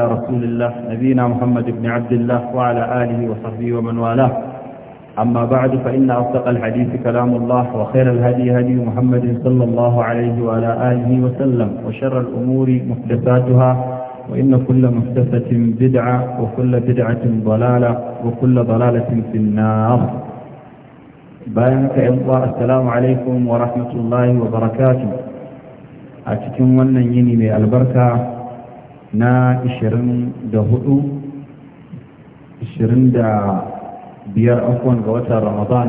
على رسول الله نبينا محمد بن عبد الله وعلى آله وصحبه ومن والاه أما بعد فإن أصدق الحديث كلام الله وخير الهدي هدي محمد صلى الله عليه وعلى آله وسلم وشر الأمور محدثاتها وإن كل محدثة بدعة وكل بدعة ضلالة وكل ضلالة في النار بارك الله السلام عليكم ورحمة الله وبركاته أتكم ونيني البركة na 24 25 afwan ga watan ramadan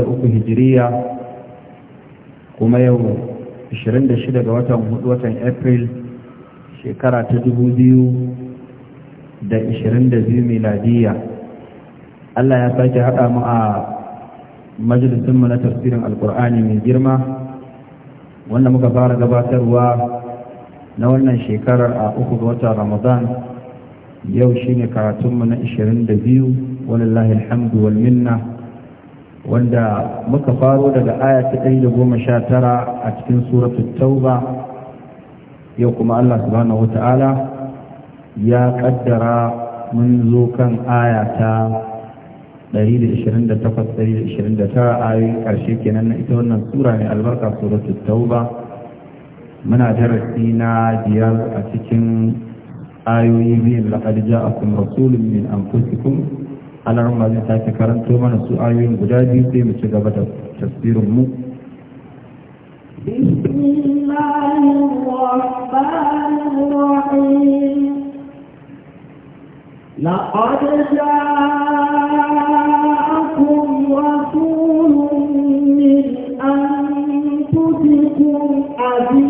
uku hijiriya kuma yau 26 ga watan hudu watan april shekara ta 2022 miladiya Allah ya sake haɗa mu a majalisunmu na tafsirin alkur'ani mai girma wanda muka fara gabatarwa na wannan shekarar a uku ga watan ramadan yau shine karatunmu na 22 walillahi alhamdu wal minna wanda muka faro daga aya ta 119 a cikin suratul tauba yau kuma Allah subhanahu wata'ala ya kaddara mun zo kan aya ta 128-129 ayoyin ƙarshe kenan na ita wannan sura mai albarka suratul tauba muna darasi na biyar a cikin ayoyi biyun laƙad ja'akum rasulun min anfusikum alarma zai sake karanto mana su ayoyin guda biyu sai mu ci gaba da tasirin mu بسم الله الرحمن الرحيم لقد جاءكم رسول من أنفسكم عزيز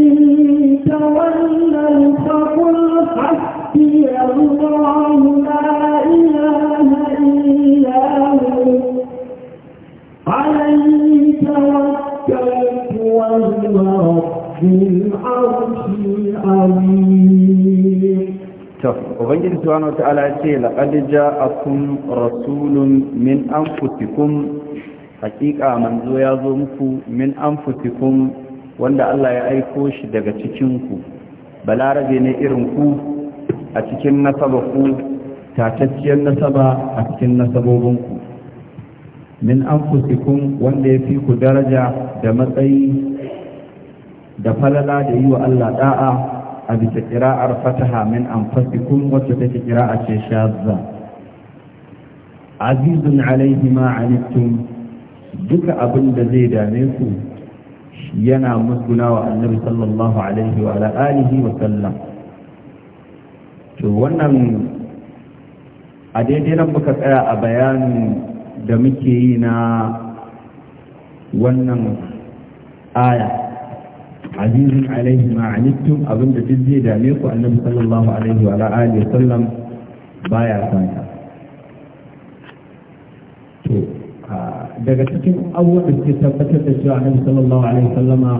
subhanahu wa ta'ala ya ce laqad ja'akum rasulun min anfusikum haƙiƙa manzo ya zo muku min anfusikum wanda Allah ya aiko shi daga cikin balarabe ne irin ku a cikin nasaba ku tatacciyar nasaba a cikin nasabobinku ku min anfusikum wanda ya fi ku daraja da matsayi da falala da yi wa Allah da'a a bisa kira'ar fataha min anfasikum wacce take kira'a ce shazza azizun alaihi ma duka abin da zai dame ku yana musguna wa annabi sallallahu alaihi wa alihi wa sallam to wannan a daidai nan muka tsaya a bayanin da muke yi na wannan aya azizun alaihi ma anittum abinda duk zai dame ku annabi sallallahu alaihi wa alihi sallam baya son to daga cikin abubuwan da suke tabbatar da cewa annabi sallallahu alaihi wa sallama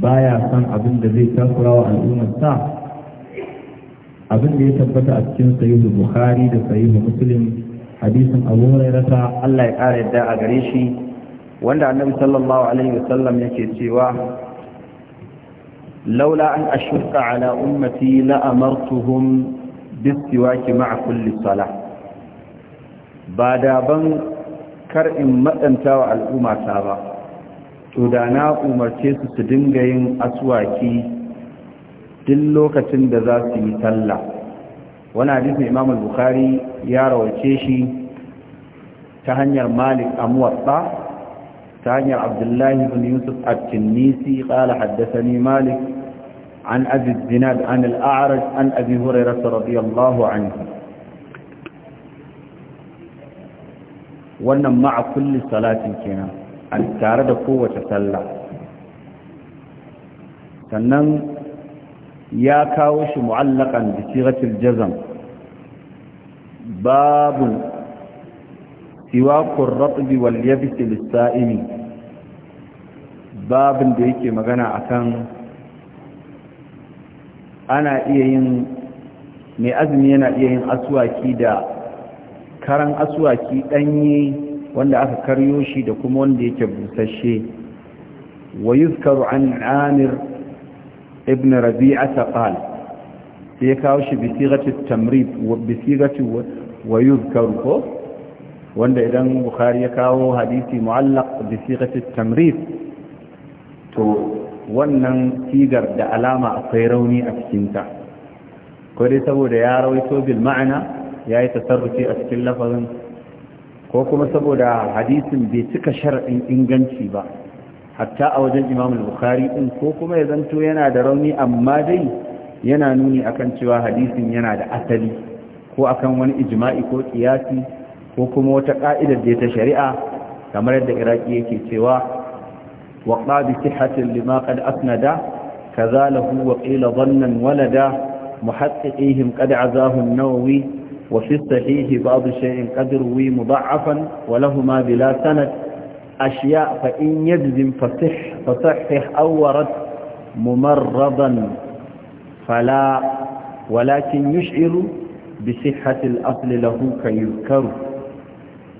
baya san abin da zai takura wa al'ummar sa abin da ya tabbata a cikin sahihu bukhari da sahihu muslim hadisin abu hurairata Allah ya kara yadda a gare shi wanda annabi sallallahu alaihi wa sallam yake cewa لولا أن أشق على أمتي لأمرتهم بالسواك مع كل صلاة بعد بن كر إن مأنتا والأمة تابا تدانا أمتي ستدنغين أسواكي دلوكة دذاتي تلا وانا حديث الإمام البخاري يا روكيشي تهنير مالك أموطا عن عبد الله بن يوسف التنيسي قال حدثني مالك عن أبي الزناد عن الأعرج عن أبي هريرة رضي الله عنه wannan ma'a kulli salatin kenan a tare da kowace sallah sannan ya kawo shi mu'allakan da sigatul jazam babun siwakun ratbi wal yabis lis babin da yake magana akan ana iya yin mai azumi yana iya yin aswaki da karan aswaki ɗanye wanda aka karyo shi da kuma wanda yake busasshe wa yuzkaru an amir ibn rabi'a taqal sai kawo shi bi sigati tamrid wa bi sigati wa yuzkaru ko wanda idan bukhari ya kawo hadisi mu'allaq bi sigati tamrid to wannan sigar da alama akwai rauni a cikinta ko dai saboda ya rawaito bil ma'ana ya yi tasarrufi a cikin lafazin ko kuma saboda hadisin bai cika shar'in inganci ba hatta a wajen imam bukhari din ko kuma ya zanto yana da rauni amma dai yana nuni akan cewa hadisin yana da asali ko akan wani ijma'i ko kiyasi ko kuma wata ka'idar da ta shari'a kamar yadda iraki yake cewa وقع بصحة لما قد أسند كذا له وقيل ظنا ولدا محققيهم قد عزاه النووي وفي الصحيح بعض شيء قد روي مضعفا ولهما بلا سند أشياء فإن يجزم فصح فصحح أو ورد ممرضا فلا ولكن يشعر بصحة الأصل له كيذكر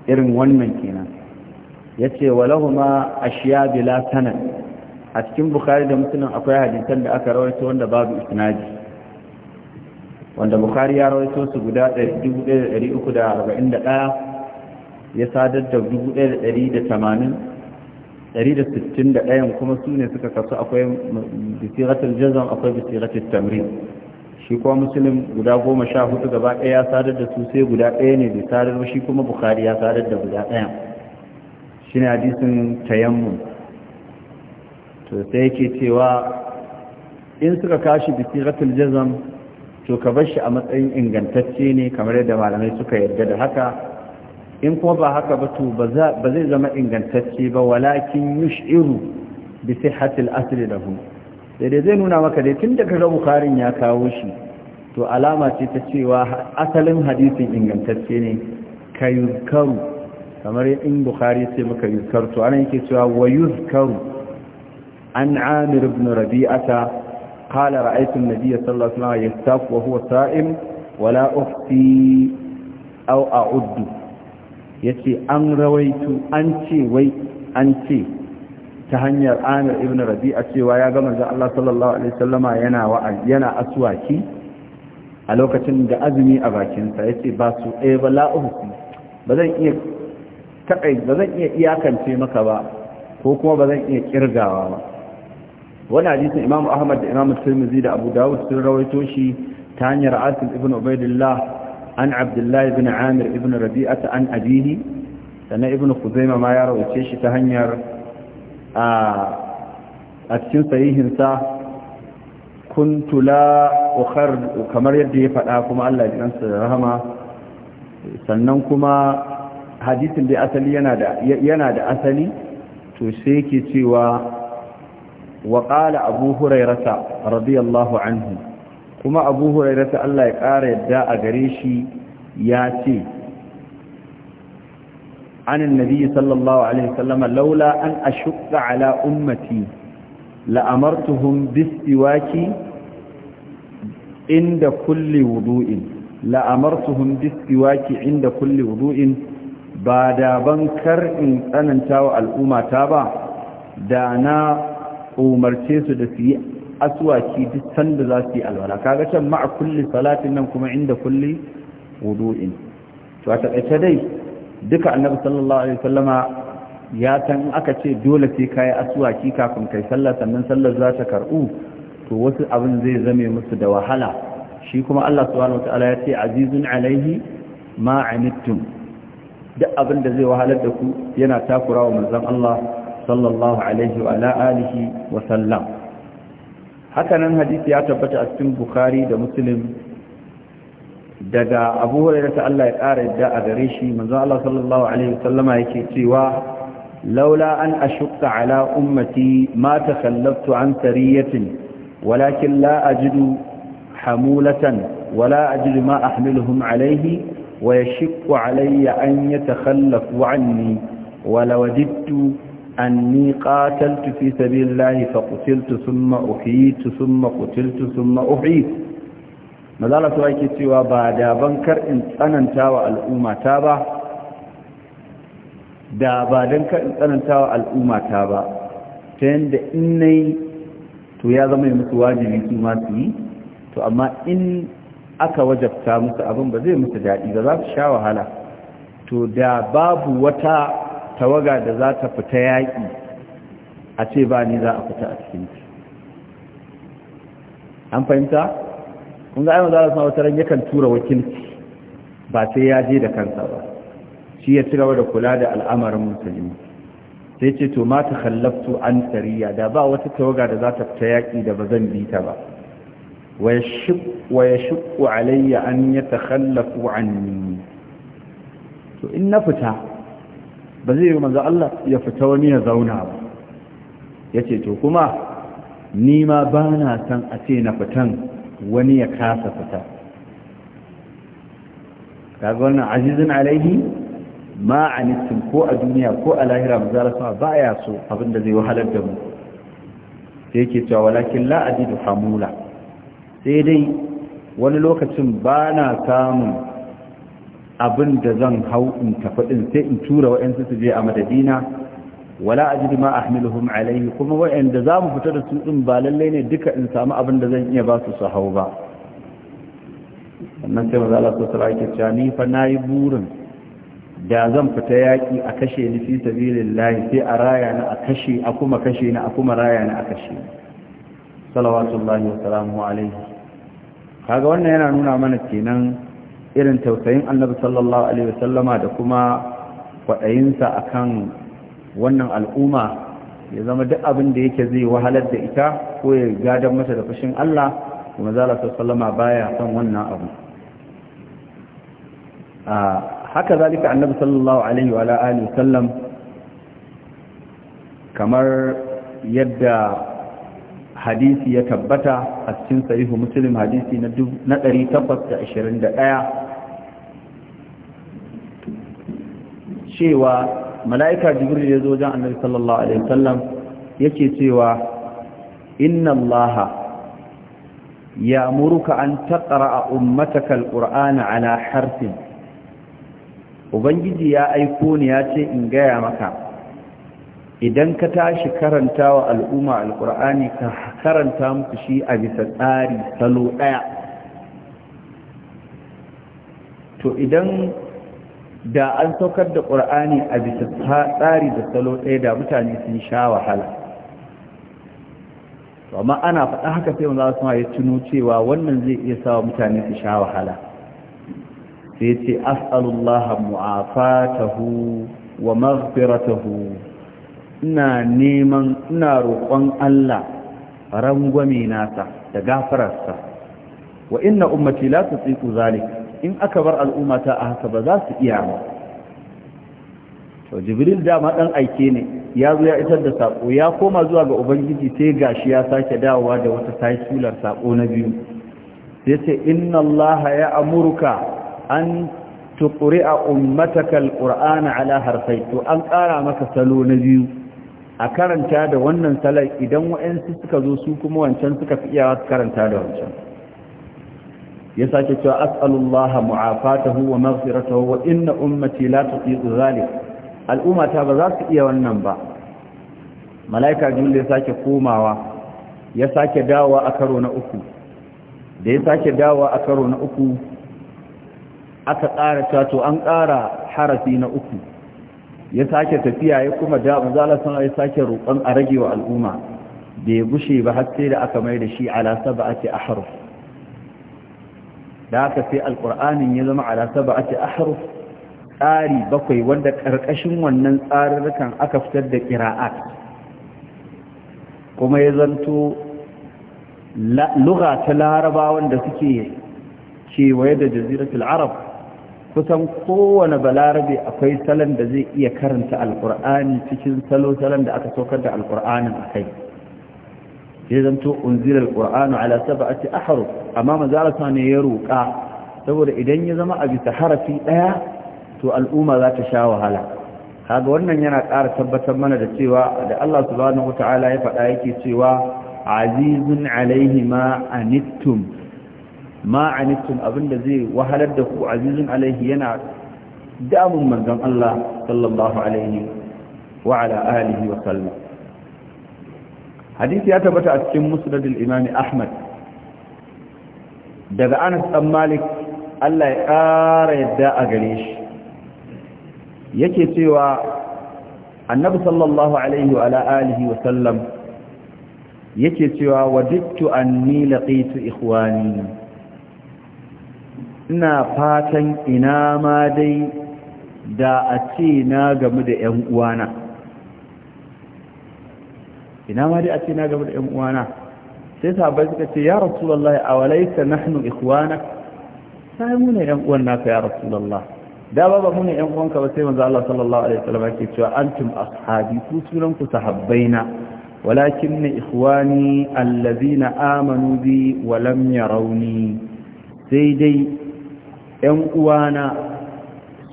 إرم ونمن كنا ya ce walahuma ashiya bila sanan a cikin bukari da musulun akwai hadisan da aka rawaito wanda babu isnadi wanda bukari ya rawaito su guda 1341 ya sadar da 1161 kuma su ne suka kasu akwai bisiratul jazam akwai bisiratul tamrin shi kuma musulun guda goma sha hudu gaba ɗaya ya sadar da su sai guda ɗaya ne bai sadar shi kuma bukari ya sadar da guda ɗaya shi ne hadisin tayammu to sai yake cewa in suka kashi ratul jazam to ka bar shi a matsayin ingantacce ne kamar yadda malamai suka yarda da haka in kuma ba haka ba to ba zai zama ingantacce ba walakin yush'iru bi sihhatil asli lahu sai dai zai nuna maka dai tun da ga bukharin ya kawo shi to alama ce ta cewa asalin hadisin ingantacce ne kayukaru kamar in bukhari sai muka yuzkartu ana yake cewa wa yuzkaru an amir ibn rabi'ata qala ra'aytu an-nabiy sallallahu alaihi wasallam yastaf wa huwa sa'im wa la ufti aw a'uddu yace an rawaitu an ce wai an ce ta hanyar amir ibn rabi'a cewa ya ga manzo Allah sallallahu alaihi wasallama yana wa'azi yana aswaki a lokacin da azumi a bakinsa yace ba su eh ba la ufti ba zan iya taƙai ba zan iya iyakance maka ba ko kuma ba zan iya kirgawa ba wani hadisin imam ahmad da imam tirmidhi da abu dawud sun rawaito shi ta hanyar asim ibn ubaidillah an abdullahi ibn amir ibn rabi'ata an abihi sannan ibn kuzaima ma ya rawaice shi ta hanyar a cikin sahihinsa kuntu la ukhar kamar yadda ya faɗa kuma Allah ya da rahama sannan kuma hadisin da asali yana da asali to sai ke cewa wa ƙala abu hurairata radiyallahu anhu kuma abu hurairata Allah ya ƙara yadda a gare shi ya ce an annabi sallallahu alaihi sallama laula an ashuka ala ummati la'amartuhum bisiwaki inda kulli wudu'in la'amartuhum kulli wudu'in ba da ban kar in tsananta wa al'ummata ba da na umarce su da su yi aswaki duk sanda za su yi alwala kaga can ma'a kulli salatin nan kuma inda kulli wudu'in to a taƙaice dai duka annabi sallallahu alaihi wasallama ya san aka ce dole sai kai aswaki kafin kai sallah sannan sallar za ta karbu to wasu abin zai zame musu da wahala shi kuma Allah subhanahu wataala ya ce azizun alaihi ma duk abin da zai wahalar da ku yana wa manzon Allah sallallahu alaihi wa ala alihi wa sallam hakanan hadisi ya tabbata a cikin bukhari da muslim daga abu hurairah ta Allah ya kara yadda a gare shi manzon Allah sallallahu alaihi wa sallama yake cewa laula an ashqa ala ummati ma kallabtu an sariyatin walakin la ajidu hamulatan wala ajidu ma ahmiluhum alaihi ويشق علي أن يتخلفوا عني ولوددت أني قاتلت في سبيل الله فقتلت ثم أحييت ثم قتلت ثم أحييت ماذا سوائك سوى بعد بنكر إن أننتا والأمة تابا دا بعد بنكر إن أننتا والأمة تابا تند إني to ya zama musu wajibi su ma su yi to amma in aka wajabta musu abin ba zai musu daɗi ba za su sha wahala to da babu wata tawaga da za ta fita yaƙi a ce ba ni za a fita a cikin ci an fahimta? kun ga za zara wata ran yakan tura wakilci ba sai ya je da kansa ba shi ya cigaba da kula da al'amarin musulmi sai ce to ma ta an tsariya da ba wata tawaga da za ta fita yaƙi da ba zan bi ta ba wa ya shiƙu alayya an ya takhallafu anni to in na fita ba zai yi manzo Allah ya fita wani ya zauna ba yace to kuma ni ma ba na san a ce na fitan wani ya kasa fita kaga wannan azizin alaihi ma anittum ko a duniya ko a lahira manzo Allah ba ya so abin da zai wahalar da mu sai yake cewa walakin la ajidu hamula sai dai wani lokacin ba na samun abin da zan hau in tafi ɗin sai in tura wa'yansu su je a madadina wala ajidu ma ahmiluhum alaihi kuma wa'yanda za mu fita da su ɗin ba lallai ne duka in samu abin da zan iya ba su su hau ba sannan sai maza lasu sosai ake cewa ni fa na yi burin da zan fita yaƙi a kashe ni fi sabilillahi sai a raya ni a kashe a kuma kashe ni a kuma raya ni a kashe ni salawatullahi wa salamu alaihi kaga wannan yana nuna mana kenan irin tausayin annabi sallallahu alaihi wasallama da kuma kwaɗayinsa akan wannan al'umma ya zama duk abin da yake zai wahalar da ita ko ya gadon mata da fushin Allah kuma za zala sallama baya son wannan abu haka zalika annabi sallallahu alaihi wa sallam kamar yadda hadisi ya tabbata a cikin sahihu muslim hadisi na 821 cewa mala'ika jibril ya zo jan annabi sallallahu alaihi wasallam yake cewa inna allaha ya'muruka an taqra'a ummataka alqur'ana ala harfin ubangiji ya aiko ni ya ce in gaya maka idan ka tashi karanta wa al'umma alƙur'ani ka karanta musu shi a bisa tsari salo ɗaya to idan da an saukar da ƙur'ani a bisa tsari da salo ɗaya da mutane sun sha wahala amma ana faɗa haka sai wanda suna ya tuno cewa wannan zai iya sa mutane su sha wahala sai ce as'alullaha mu'afatahu wa maghfiratahu ina neman ina roƙon Allah rangwame nasa da gafararsa wa inna ummati la tutiqu zalik in aka bar al'ummata a haka ba za su iya ba to jibril dama dan aike ne ya zo ya isar da sako ya koma zuwa ga ubangiji sai gashi ya sake dawowa da wata taisular sako na biyu sai ce inna allah ya amurka an tuqri'a ummataka alqur'ana ala harfai to an kara maka salo na biyu a karanta da wannan salar idan wayansu suka zo su kuma wancan suka fi iya karanta da wancan ya sake cewa as'alullah mu'afatahu wa maghfiratahu wa inna ummati la su zalik al'ummata ba za su iya wannan ba malaika jibril ya sake komawa ya sake dawowa a karo na uku da ya sake dawa a karo na uku aka ƙara cato an ƙara harafi na uku ya sake tafiya ya kuma da manzo Allah sun ya sake roƙon a rage wa al'umma bai gushe ba har sai da aka mai da shi ala sab'ati ahruf da aka sai alqur'anin ya zama ala sab'ati ahruf tsari bakwai wanda karkashin wannan tsarurrukan aka fitar da qira'at kuma ya zanto lugha ta larabawan da suke kewaye da jaziratul arab kusan kowane balarabe akwai salon da zai iya karanta alkur'ani cikin salo salon da aka saukar da alkur'anin a kai ya zanto unzila alkur'anu ala sab'ati ahruf amma manzala ne ya roka saboda idan ya zama a bisa harafi daya to al'umma za ta sha wahala kaga wannan yana ƙara tabbatar mana da cewa da Allah subhanahu ta'ala ya faɗa yake cewa azizun alaihi ma anittum ma'anittum abinda zai wahalar da ku azizun alaihi yana damun manzon Allah sallallahu alaihi wa ala alihi wa sallam hadisi ya tabbata a cikin musnad al-imam Ahmad daga Anas bin Malik Allah ya ƙara yadda a gare shi yake cewa annabi sallallahu alaihi wa ala alihi wa sallam yake cewa wadittu anni laqitu ikhwani ina fatan ina ma dai da a ce na gamu da ‘yan uwana ina ma dai a ce na gamu da ‘yan uwana sai sahabai suka ce ya rasu wallahi a walaita nahnu ikwana sai muna ‘yan uwan naka ya rasulallah da ba ba muna ‘yan uwanka ba sai manzo Allah sallallahu Alaihi wasallam ke cewa antum ashabi ku sunanku sahabbaina walakin na ikhwani allazina amanu bi wa lam yarawni sai dai ‘yan uwana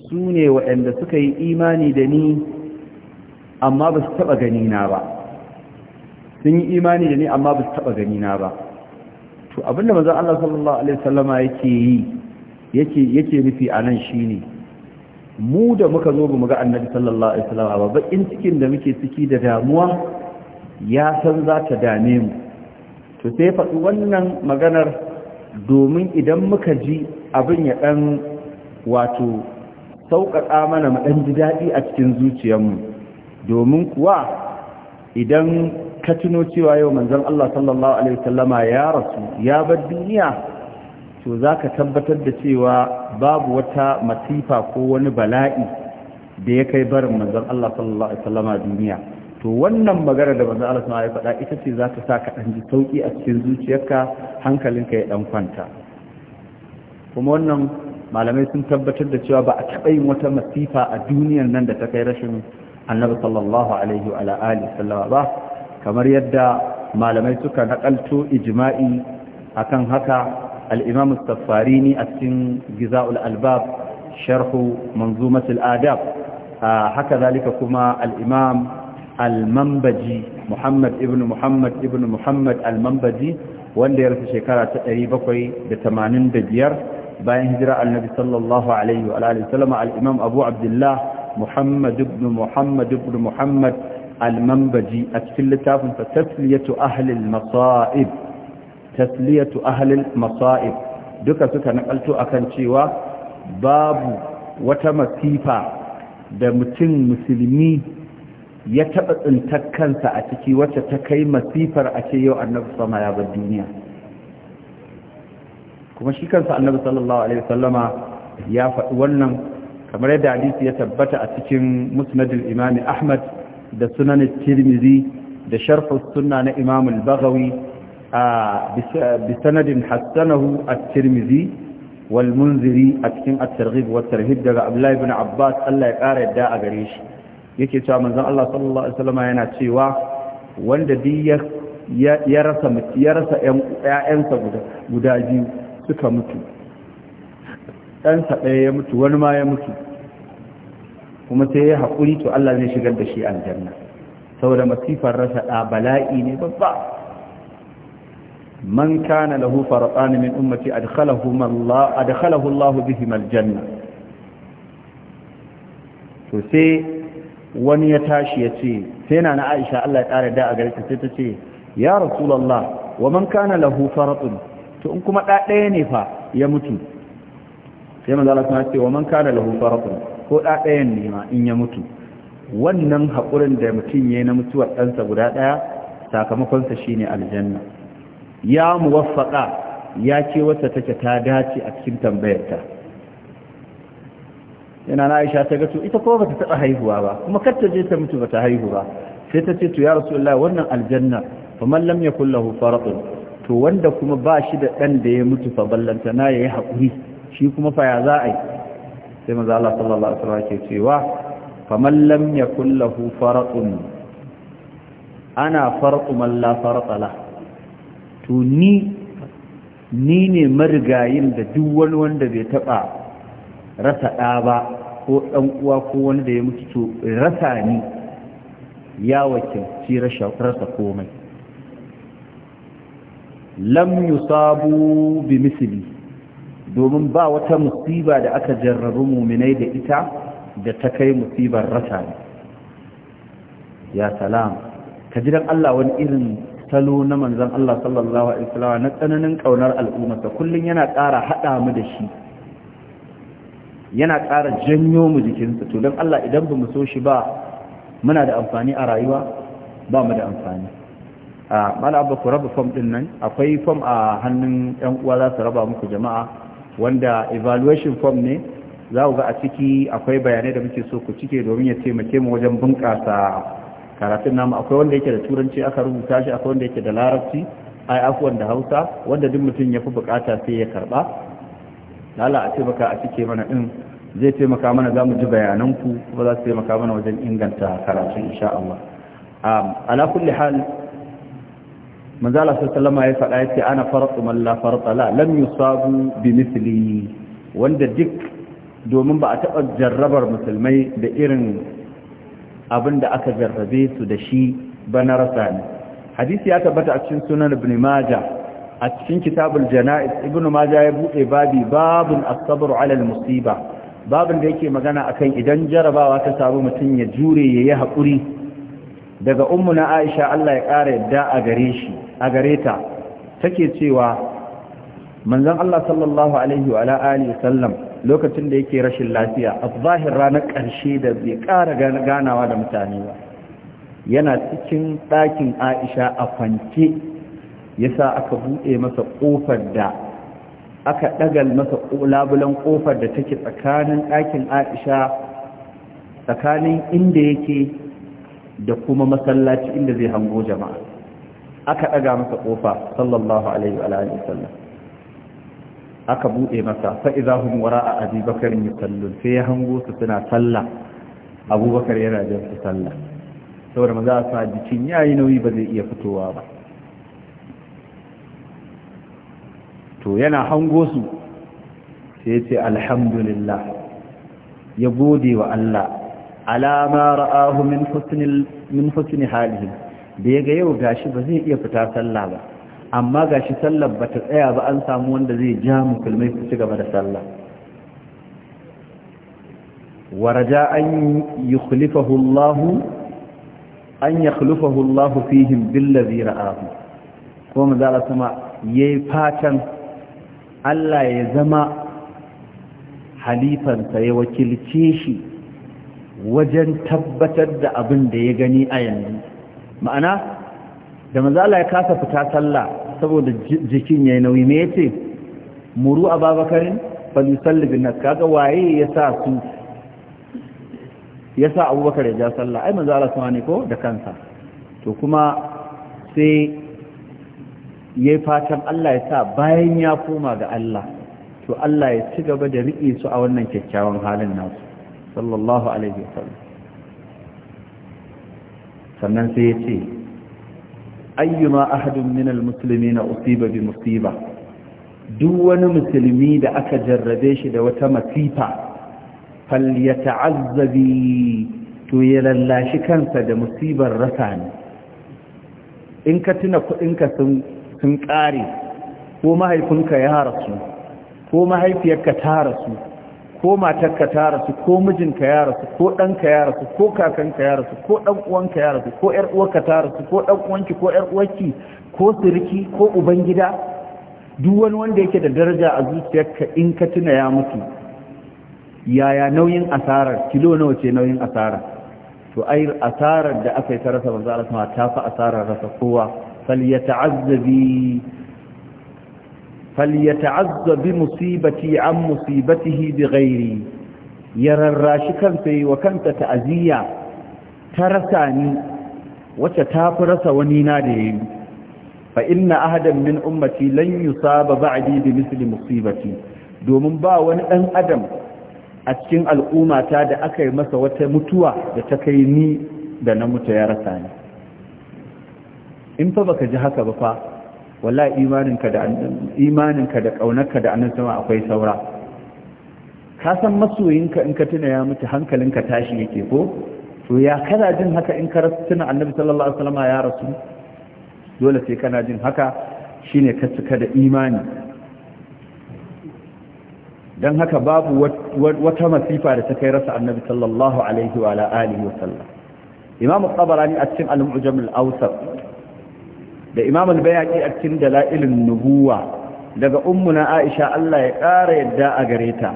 su ne waɗanda suka yi imani da ni amma ba su taɓa ganina ba sun yi imani da ni amma ba su taɓa ganina ba to abinda maza Allah sallallahu Alaihi wasallama yake yi yake nufi a nan shi ne mu da muka zo ba mu ga annabi sallallahu Alaihi wasallama ba baƙin cikin da muke ciki da damuwa ya san za ta dame mu to sai faɗi wannan maganar domin idan muka ji abin ya ɗan wato sauƙaƙa mana ɗan ji daɗi a cikin zuciyarmu domin kuwa idan ka tuno cewa yau manzan Allah sallallahu Alaihi wasallama ya rasu ya bar duniya to za ka tabbatar da cewa babu wata matifa ko wani bala'i da ya kai barin manzan Allah sallallahu Alaihi wasallama duniya to wannan magana da manzan Allah sallallahu Alaihi wasallama ya faɗa ita ce za ta sa ka ɗan ji sauƙi a cikin zuciyarka hankalinka ya ɗan kwanta kuma wannan malamai sun tabbatar da cewa ba a taɓa yin wata masifa a duniyar nan da ta kai rashin annabi sallallahu alaihi wa alihi sallama ba kamar yadda malamai suka nakalto ijma'i akan haka al-imam as-saffarini a cikin giza'ul albab sharhu manzumat al-adab haka zalika kuma al-imam al-manbaji muhammad ibn muhammad ibn muhammad al-manbaji wanda ya rasu shekara ta 785 bayan hijira annabi sallallahu alaihi wa alihi wasallam al-imam abu abdullah muhammad ibn muhammad ibn muhammad al a cikin littafin sa tasliyatu ahli al-masa'ib tasliyatu ahli al-masa'ib duka suka nakalto akan cewa babu wata masifa da mutum musulmi ya taɓa tsintar kansa a ciki wacce ta kai masifar a ce yau annabi sama ya bar duniya kuma shi kansa annabi sallallahu alaihi wasallama ya faɗi wannan kamar yadda hadisi ya tabbata a cikin musnadul imami ahmad da sunan tirmizi da sharh sunna na imam al-baghawi a bisanadin hassanahu at-tirmizi wal munziri a cikin at-targhib wa tarhib daga abdullahi ibn abbas Allah ya kara yadda a gare shi yake cewa manzon Allah sallallahu alaihi wasallama yana cewa wanda duk ya rasa ya ƴan ƴaƴansa guda biyu suka mutu ɗansa ɗaya ya mutu wani ma ya mutu kuma sai ya haƙuri to Allah zai shigar da shi aljanna saboda masifar rasa ɗa bala'i ne babba man kana lahu farqan min ummati adkhalahu Allah adkhalahu Allah bihi aljanna to sai wani ya tashi ya ce sai na na Aisha Allah ya ƙara da a gare ta sai ta ce ya rasulullah wa man kana lahu farqan to in kuma ɗa ɗaya ne fa ya mutu sai manzo Allah ya ce wa man kana lahu faratun ko ɗa ne ma in ya mutu wannan haƙurin da mutum ya yi na mutuwar ɗansa guda ɗaya sakamakonsa shine aljanna ya muwaffaqa ya ce wata take ta dace a cikin tambayarta yana na aisha ta gato ita kuma bata taba haihuwa ba kuma kar ta je ta mutu bata haihu ba sai ta ce to ya rasulullahi wannan aljanna fa man lam yakul lahu faratun to wanda kuma ba shi da ɗan da ya mutu fa na ya yi haƙuri shi kuma fa ya za a yi sai maza Allah sallallahu Alaihi wasallam ke cewa faman lam ya kullahu faraɗun ana faraɗu malla faraɗala to ni ni ne marigayin da duk wani wanda bai taɓa rasa ɗa ba ko ɗan uwa ko wani ya mutu to rasa ni ya wakilci rasa komai lam yusabu bi misli domin ba wata musiba da aka jarrabu muminai da ita da ta kai musibar rasa ne ya salam ka ji don Allah wani irin salo na manzon Allah sallallahu alaihi wasallam na tsananin kaunar al'ummarsa kullum yana ƙara haɗa mu da shi yana ƙara janyo mu jikinsa to don Allah idan bamu so shi ba muna da amfani a rayuwa ba mu da amfani a abu ku raba fom din nan akwai fom a hannun yan uwa za su raba muku jama'a wanda evaluation fom ne za ku ga a ciki akwai bayanai da muke so ku cike domin ya taimake mu wajen bunƙasa karatun namu akwai wanda yake da turanci aka rubuta shi akwai wanda yake da larabci ai afuwan da hausa wanda duk mutum ya fi bukata sai ya karba lala a taimaka a cike mana din zai taimaka mana za mu ji bayananku kuma za su taimaka mana wajen inganta karatu insha Allah ala kulli hal manzo Allah sallallahu alaihi wasallam ya faɗa ce ana farqu man la farqa la lam yusabu bi wanda duk domin ba a taɓa jarrabar musulmai da irin abin da aka jarrabe su da shi ba na rasa ne hadisi ya tabbata a cikin sunan ibn majah a cikin kitabul janaiz ibn majah ya buɗe babi babun as-sabr ala al-musiba babin da yake magana akan idan jarabawa ta samu mutum ya jure yayi haƙuri daga ummu na aisha Allah ya ƙara yadda a gare shi a gare ta take cewa manzon Allah sallallahu alaihi wa alihi sallam lokacin da yake rashin lafiya a zahir ranar ƙarshe da bai ƙara ganawa da mutane ba yana cikin ɗakin aisha a kwance yasa aka buɗe masa ƙofar da aka ɗagal masa labulan ƙofar da take tsakanin ɗakin aisha tsakanin inda yake da kuma masallaci inda zai hango jama'a aka ɗaga masa ƙofa sallallahu alaihi wa alihi sallam aka buɗe masa fa idza hum wara'a abi bakar yusallun sai ya hango su suna sallah abubakar yana jin su sallah saboda maza sa jikin yayi nauyi ba zai iya fitowa ba to yana hango su sai ce alhamdulillah ya gode wa Allah alama ra'ahu min husnil min halihi da yaga yau gashi ba zai iya fita sallah ba amma gashi sallar bata tsaya ba an samu wanda zai ja musulmai su ci gaba da sallah waraja an yukhlifahu Allah an yakhlifahu Allah fihim billazi ra'ahu kuma manzo sama yayi fatan Allah ya zama halifansa ya wakilce shi wajen tabbatar da abin da ya gani a yanzu ma'ana da mazala ya kasa fita sallah saboda jikin ya yi nauyi me ya ce muru a babakarin falisalli bin nas kaga waye ya sa su ya sa abubakar ya ja sallah ai mazala sama ne ko da kansa to kuma sai ya yi fatan Allah ya sa bayan ya koma ga Allah to Allah ya ci gaba da riƙe su a wannan kyakkyawan halin nasu sallallahu alaihi wasallam sannan sai ya ce ayyuma ahadun min na usiba bi musiba duk wani musulmi da aka jarrabe shi da wata masifa ta'azzabi to ya lallashi kansa da musibar rasa ne in ka tuna kuɗinka sun ƙare ko mahaifinka ya rasu ko mahaifiyarka ta rasu ko matarka ta rasu ko mijinka ya rasu ko ɗanka ya rasu ko kakanka ya rasu ko ɗan uwanka ya rasu ko ƴar uwarka ta rasu ko ɗan ko ƴar uwarki ko siriki ko ubangida duk wani wanda yake da daraja a zuciyarka in ka tuna ya mutu yaya nauyin asarar kilo nawa ce nauyin asarar to ai asarar da aka yi ta rasa manzo Allah ta fa asarar rasa kowa fal yata'azzabi falyata'azza bi musibati an musibatihi hidigairi, ghairi ya rarrashi kansa yi wa kanta ta'aziyya ta rasa ni wacce ta fi rasa wani na da yayi fa inna ahadan min ummati lan yusaba ba'di bi misli musibati domin ba wani dan adam a cikin al'ummata da aka yi masa wata mutuwa da ta kai ni da na mutu ya rasa ni in fa baka ji haka ba fa wallahi imaninka da imaninka da kaunarka da sama akwai saura ka san masoyinka in ka tuna ya mutu hankalinka tashi yake ko to ya kana jin haka in ka tuna annabi sallallahu alaihi wasallam ya rasu dole sai kana jin haka shine ka cika da imani dan haka babu wata masifa da ta kai rasa annabi sallallahu alaihi wa alihi imam at-tabarani a cikin al-mu'jam al-awsat da imam al-bayhaqi a cikin dalailin nubuwa daga ummuna aisha Allah ya ƙara yadda a gare ta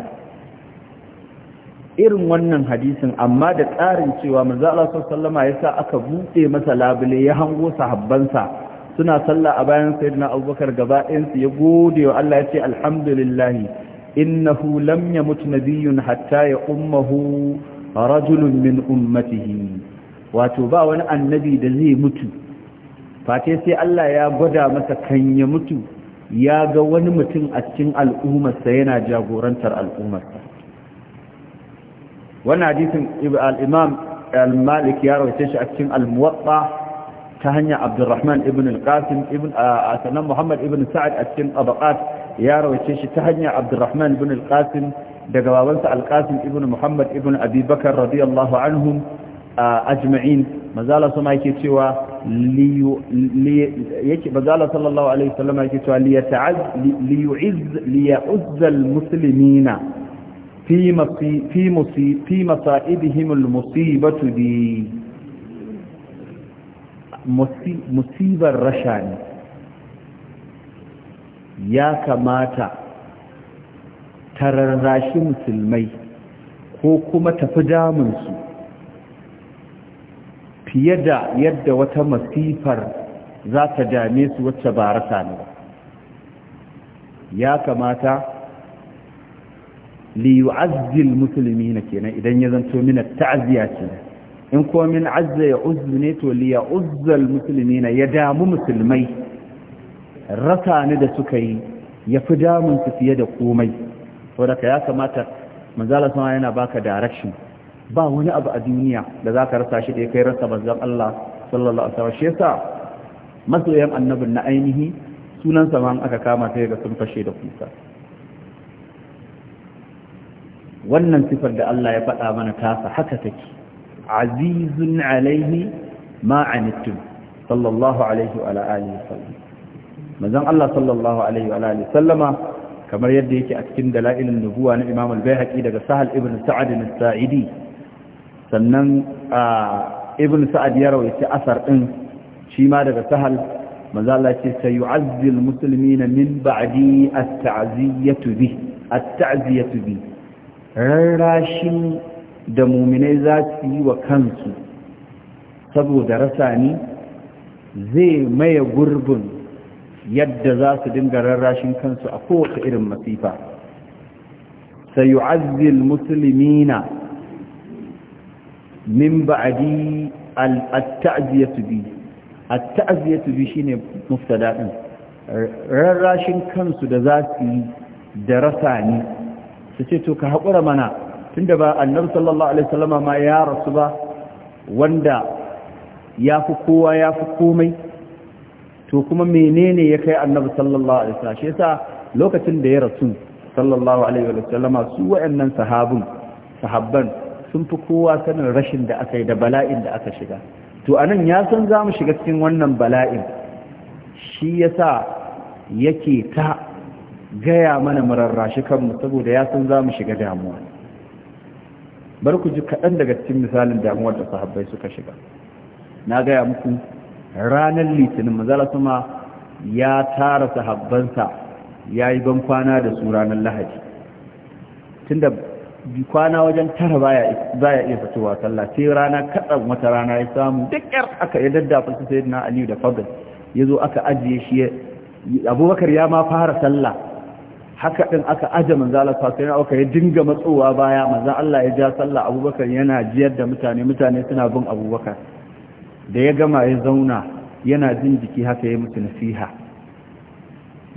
irin wannan hadisin amma da ƙarin cewa manzo Allah sallama yasa aka buɗe masa labule ya hango sahabbansa suna sallah a bayan sayyidina Abubakar gaba ɗayan su ya gode wa Allah ya ce alhamdulillah innahu lam yamut nabiyyun hatta ya ummuhu rajulun min ummatihi wato ba wani annabi da zai mutu fate sai Allah ya gwada masa kan ya mutu ya ga wani mutum a cikin al'ummarsa yana jagorantar al'ummarsa wani hadisin al-imam al-malik ya rawaita shi a cikin al-muwatta ta hanya abdulrahman ibn al-qasim sanan muhammad ibn sa'ad a cikin abaqat ya rauce shi ta hanya abdulrahman ibn al-qasim daga babansa al-qasim ibn muhammad ibn abubakar radiyallahu anhum ajma'in mazala sama yake cewa yake bazala sallallahu alaihi wasallam yake cewa li ta'az li yu'izz li ya'uzz al muslimina fi fi fi masaibihim al musibatu di musibar rashani ya kamata tararrashi musulmai ko kuma tafi damunsu fiye da yadda wata masifar za ta dame su wacce ba rasa ne ya kamata azil musulmi na kenan idan ya zanto mina ta'aziya ce in kuma min azza ya uzu ne to uzzal musulmi na ya damu musulmai rasa ne da suka yi ya fi damun su fiye da komai saboda ya kamata manzala sama yana baka direction ba wani abu a duniya da za ka rasa shi da ya kai rasa manzon Allah sallallahu alaihi wasallam shi yasa masoyan annabin na ainihi sunan sa man aka kama sai ga sun fashe da kuka wannan sifar da Allah ya faɗa mana tasa haka take azizun alaihi ma anittum sallallahu alaihi wa alihi wasallam manzon Allah sallallahu alaihi wa alihi sallama kamar yadda yake a cikin dalailin nubuwa na Imam al-Baihaqi daga Sahal ibn Sa'ad al-Sa'idi sannan ibn sa'ad ya rawaita asar din shi ma daga sahal manzo Allah ce sayu'azzi almuslimina min ba'di at-ta'ziyatu bi at-ta'ziyatu bi rarrashin da mu'minai za su yi wa kansu saboda rasa ni zai maye gurbin yadda za su dinga rarrashin kansu a kowace irin masifa sayu'azzi almuslimina min ba'adi at-ta'ziyatu bi at-ta'ziyatu bi shine muftada rarrashin kansu da za su yi da rasa ni su ce to ka haƙura mana tunda ba annabi sallallahu alaihi wasallama ma ya rasu ba wanda ya fi kowa ya fi komai to kuma menene ya kai annabi sallallahu alaihi wasallam shi yasa lokacin da ya rasu sallallahu alaihi wasallama su wa'annan sahabun sahabban sun fi kowa sanin rashin da aka yi da bala'in da aka shiga to anan ya san za mu shiga cikin wannan bala'in shi ya sa yake ta gaya mana murarrashi kanmu saboda ya san za mu shiga damuwa bar ku ji kaɗan daga cikin misalin damuwar da sahabbai suka shiga na gaya muku ranar litinin mazala sama ya tara sahabbansa ya yi ban kwana da su ranar lahadi tunda bi kwana wajen tara baya iya fitowa sallah sai rana katsan wata rana ya samu duk yar aka ya daddafa su sai na aliyu da fadl ya zo aka ajiye shi abubakar ya ma fara sallah haka din aka aje manzala fasina aka ya dinga matsowa baya manzan Allah ya ja sallah abubakar yana jiyar da mutane mutane suna bin abubakar da ya gama ya zauna yana jin jiki haka ya musu nasiha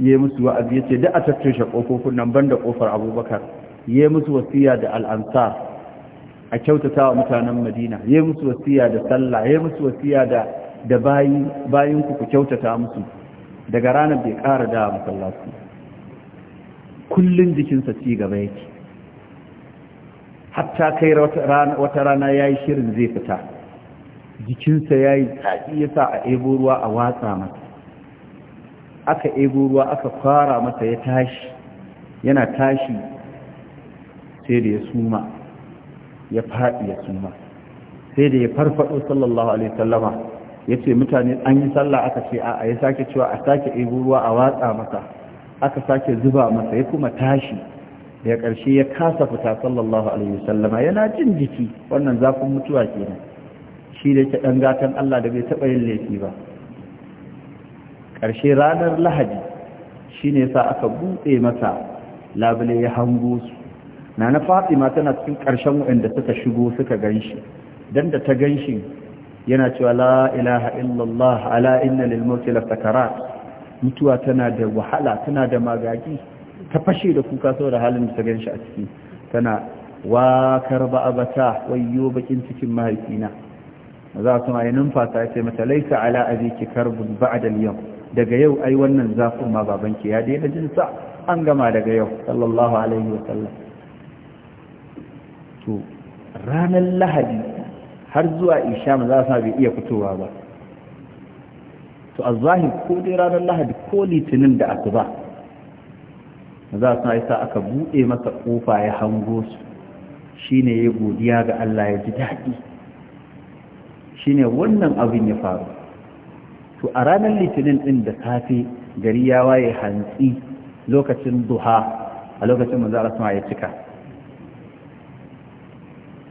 ya musu wa'azi ya ce da a tattoshe ƙofofin nan da kofar abubakar ya musu wasiya da al'ansar a kyautata wa mutanen madina ya musu wasiya da sallah ya musu wasiya da da bayin ku kyautata musu daga ranar bai ƙara da Masallatu. Kullum jikinsa ci gaba yake hatta kai wata rana ya yi shirin zai fita jikinsa ya yi tsaki ya sa a ebo ruwa a watsa mata. aka ebo ruwa aka fara masa ya tashi yana tashi sai da ya suma ya faɗi ya suma sai da ya farfaɗo sallallahu alaihi sallama ya ce mutane an yi sallah aka ce a ya sake cewa a sake ɗebo ruwa a watsa masa aka sake zuba masa ya kuma tashi ya ƙarshe ya kasa fita sallallahu alaihi sallama yana jin jiki wannan zafin mutuwa kenan shi da yake ɗan gatan Allah da bai taɓa yin laifi ba ƙarshe ranar lahadi shi ne sa aka buɗe masa labule ya hango su na na fatima tana cikin ƙarshen waɗanda suka shigo suka ganshi don da ta ganshi yana cewa la ilaha illallah ala inna lil la mutuwa tana da wahala tana da magagi ta fashe da kuka saboda halin da ta ganshi a ciki tana wa karba abata yo bakin cikin mahaifina za su ma yi numfasa ya ce mata laisa ala abiki karbun ba'da al daga yau ai wannan zafin ma babanki ya daina jinsa an gama daga yau sallallahu alaihi wa sallam to ranar lahadi har zuwa isha maza sa bai iya fitowa ba to a zahir ko dai ranar lahadi ko litinin da asuba maza sa aka buɗe masa ƙofa ya hango su shine ya godiya ga Allah ya ji daɗi shine wannan abin ya faru to a ranar litinin ɗin da safe gari ya waye hantsi lokacin duha a lokacin manzara suna ya cika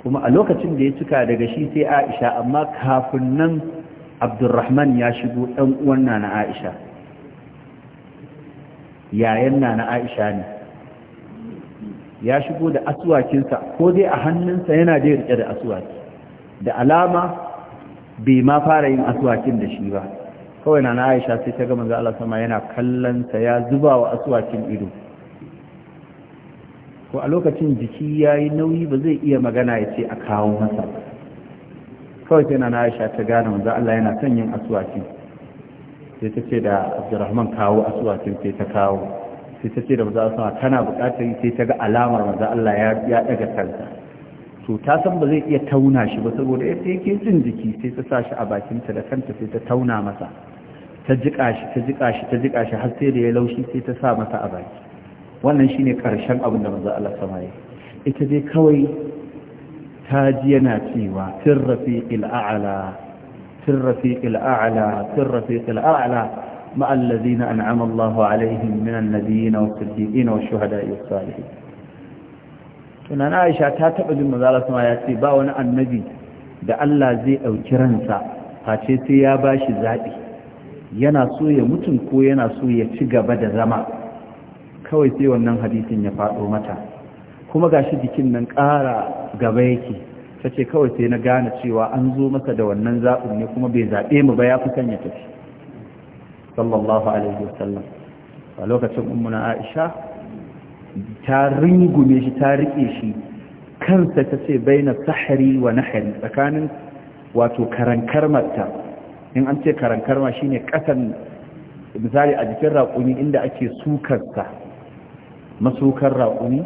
kuma a lokacin da ya cika daga shi sai aisha amma kafin nan abdurrahman ya shigo ɗan uwan na aisha yayan na aisha ne ya shigo da asuwakinsa ko dai a hannunsa yana da rike da asuwaki da alama bai ma fara yin asuwakin da shi ba kawai na aisha sai ta gama zaala sama yana kallonsa ya zuba wa asuwakin ido ko a lokacin jiki ya yi nauyi ba zai iya magana ya ce a kawo masa kawai yana na aisha ta gane manzo Allah yana son yin asuwakin sai ta ce da Abdurrahman kawo asuwakin sai ta kawo sai ta ce da manzo asuwa tana buƙatar sai ta ga alamar manzo Allah ya daga kanta to ta san ba zai iya tauna shi ba saboda yadda yake jin jiki sai ta sa shi a bakin ta da kanta sai ta tauna masa ta jiƙa shi ta jiƙa shi ta jiƙa shi har sai da ya laushi sai ta sa masa a baki wannan shi ne karshen abin da maza Allah sama yi ita dai kawai ta ji yana cewa tirrafi il'a'ala tirrafi il'a'ala tirrafi il'a'ala مع الذين أنعم الله عليهم من النبيين والصديقين والشهداء والصالحين tunan aisha ta taɓa jin mazalas ma ya ce ba wani annabi da Allah zai ɗauki ransa face sai ya ba shi zaɓi yana so ya mutum ko yana so ya ci gaba da zama kawai sai wannan hadisin ya faɗo mata kuma ga shi jikin nan ƙara gaba yake ta ce kawai sai na gane cewa an zo masa da wannan zaɓin ne kuma bai zaɓe mu ba ya fi kan ya tafi sallallahu alaihi wasallam a lokacin ummuna aisha ta ringume shi ta riƙe shi kansa ta ce bai na sahari wa nahari tsakanin wato karankarmarta in an ce karankarma shine ƙasan misali a jikin raƙumi inda ake sukarsa masukar raƙumi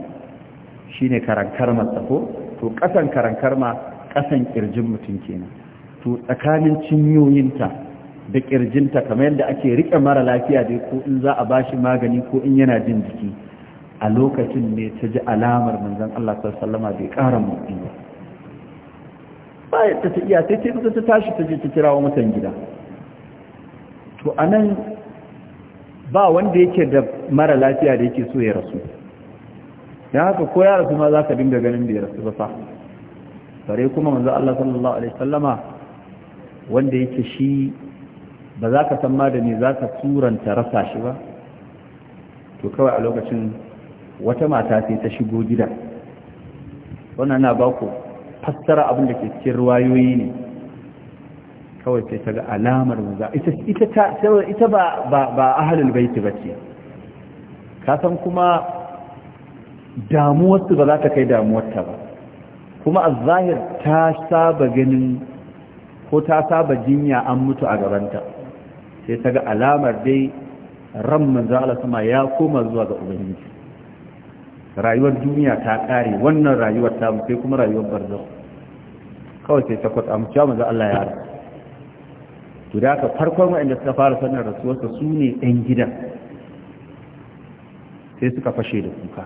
shine karankar matsako to ƙasan karankar ma ƙasan ƙirjin mutum kenan to tsakanin cinyoyinta da ƙirjinta kamar yadda ake riƙe mara lafiya dai ko in za a ba shi magani ko in yana jin jiki a lokacin ne ta ji alamar manzan Allah sallama bai ƙara mutum ba bayan ta iya sai ta tashi ta je ta kirawo mutan gida to anan ba wanda yake da mara lafiya da yake so ya rasu da haka ko ya rasu ma za ka dinga ganin da ya rasu ba sa? bare kuma manzo Allah sallallahu alaihi wasallama wanda yake shi ba za ka san ma da me za ka turanta rasa shi ba to kawai a lokacin wata mata sai ta shigo gida wannan na ba ku fassara abin da ke cikin ruwayoyi ne kawai sai ta ga alamar manzo ita ta ita ba ba ahlul baiti bace ka san kuma damuwarsu ba za ta kai damuwarta ba kuma a zahir ta saba ganin ko ta saba jinya an mutu a gabanta sai ta ga alamar dai ran manzo Allah sama ya koma zuwa ga ubangiji rayuwar duniya ta kare wannan rayuwar ta mu sai kuma rayuwar barzakh kawai sai ta kwata mu cewa manzo Allah ya rasu Guda ka haka farkon waɗanda suka fara sannan rasuwarsa su ne ɗan gidan sai suka fashe da kuka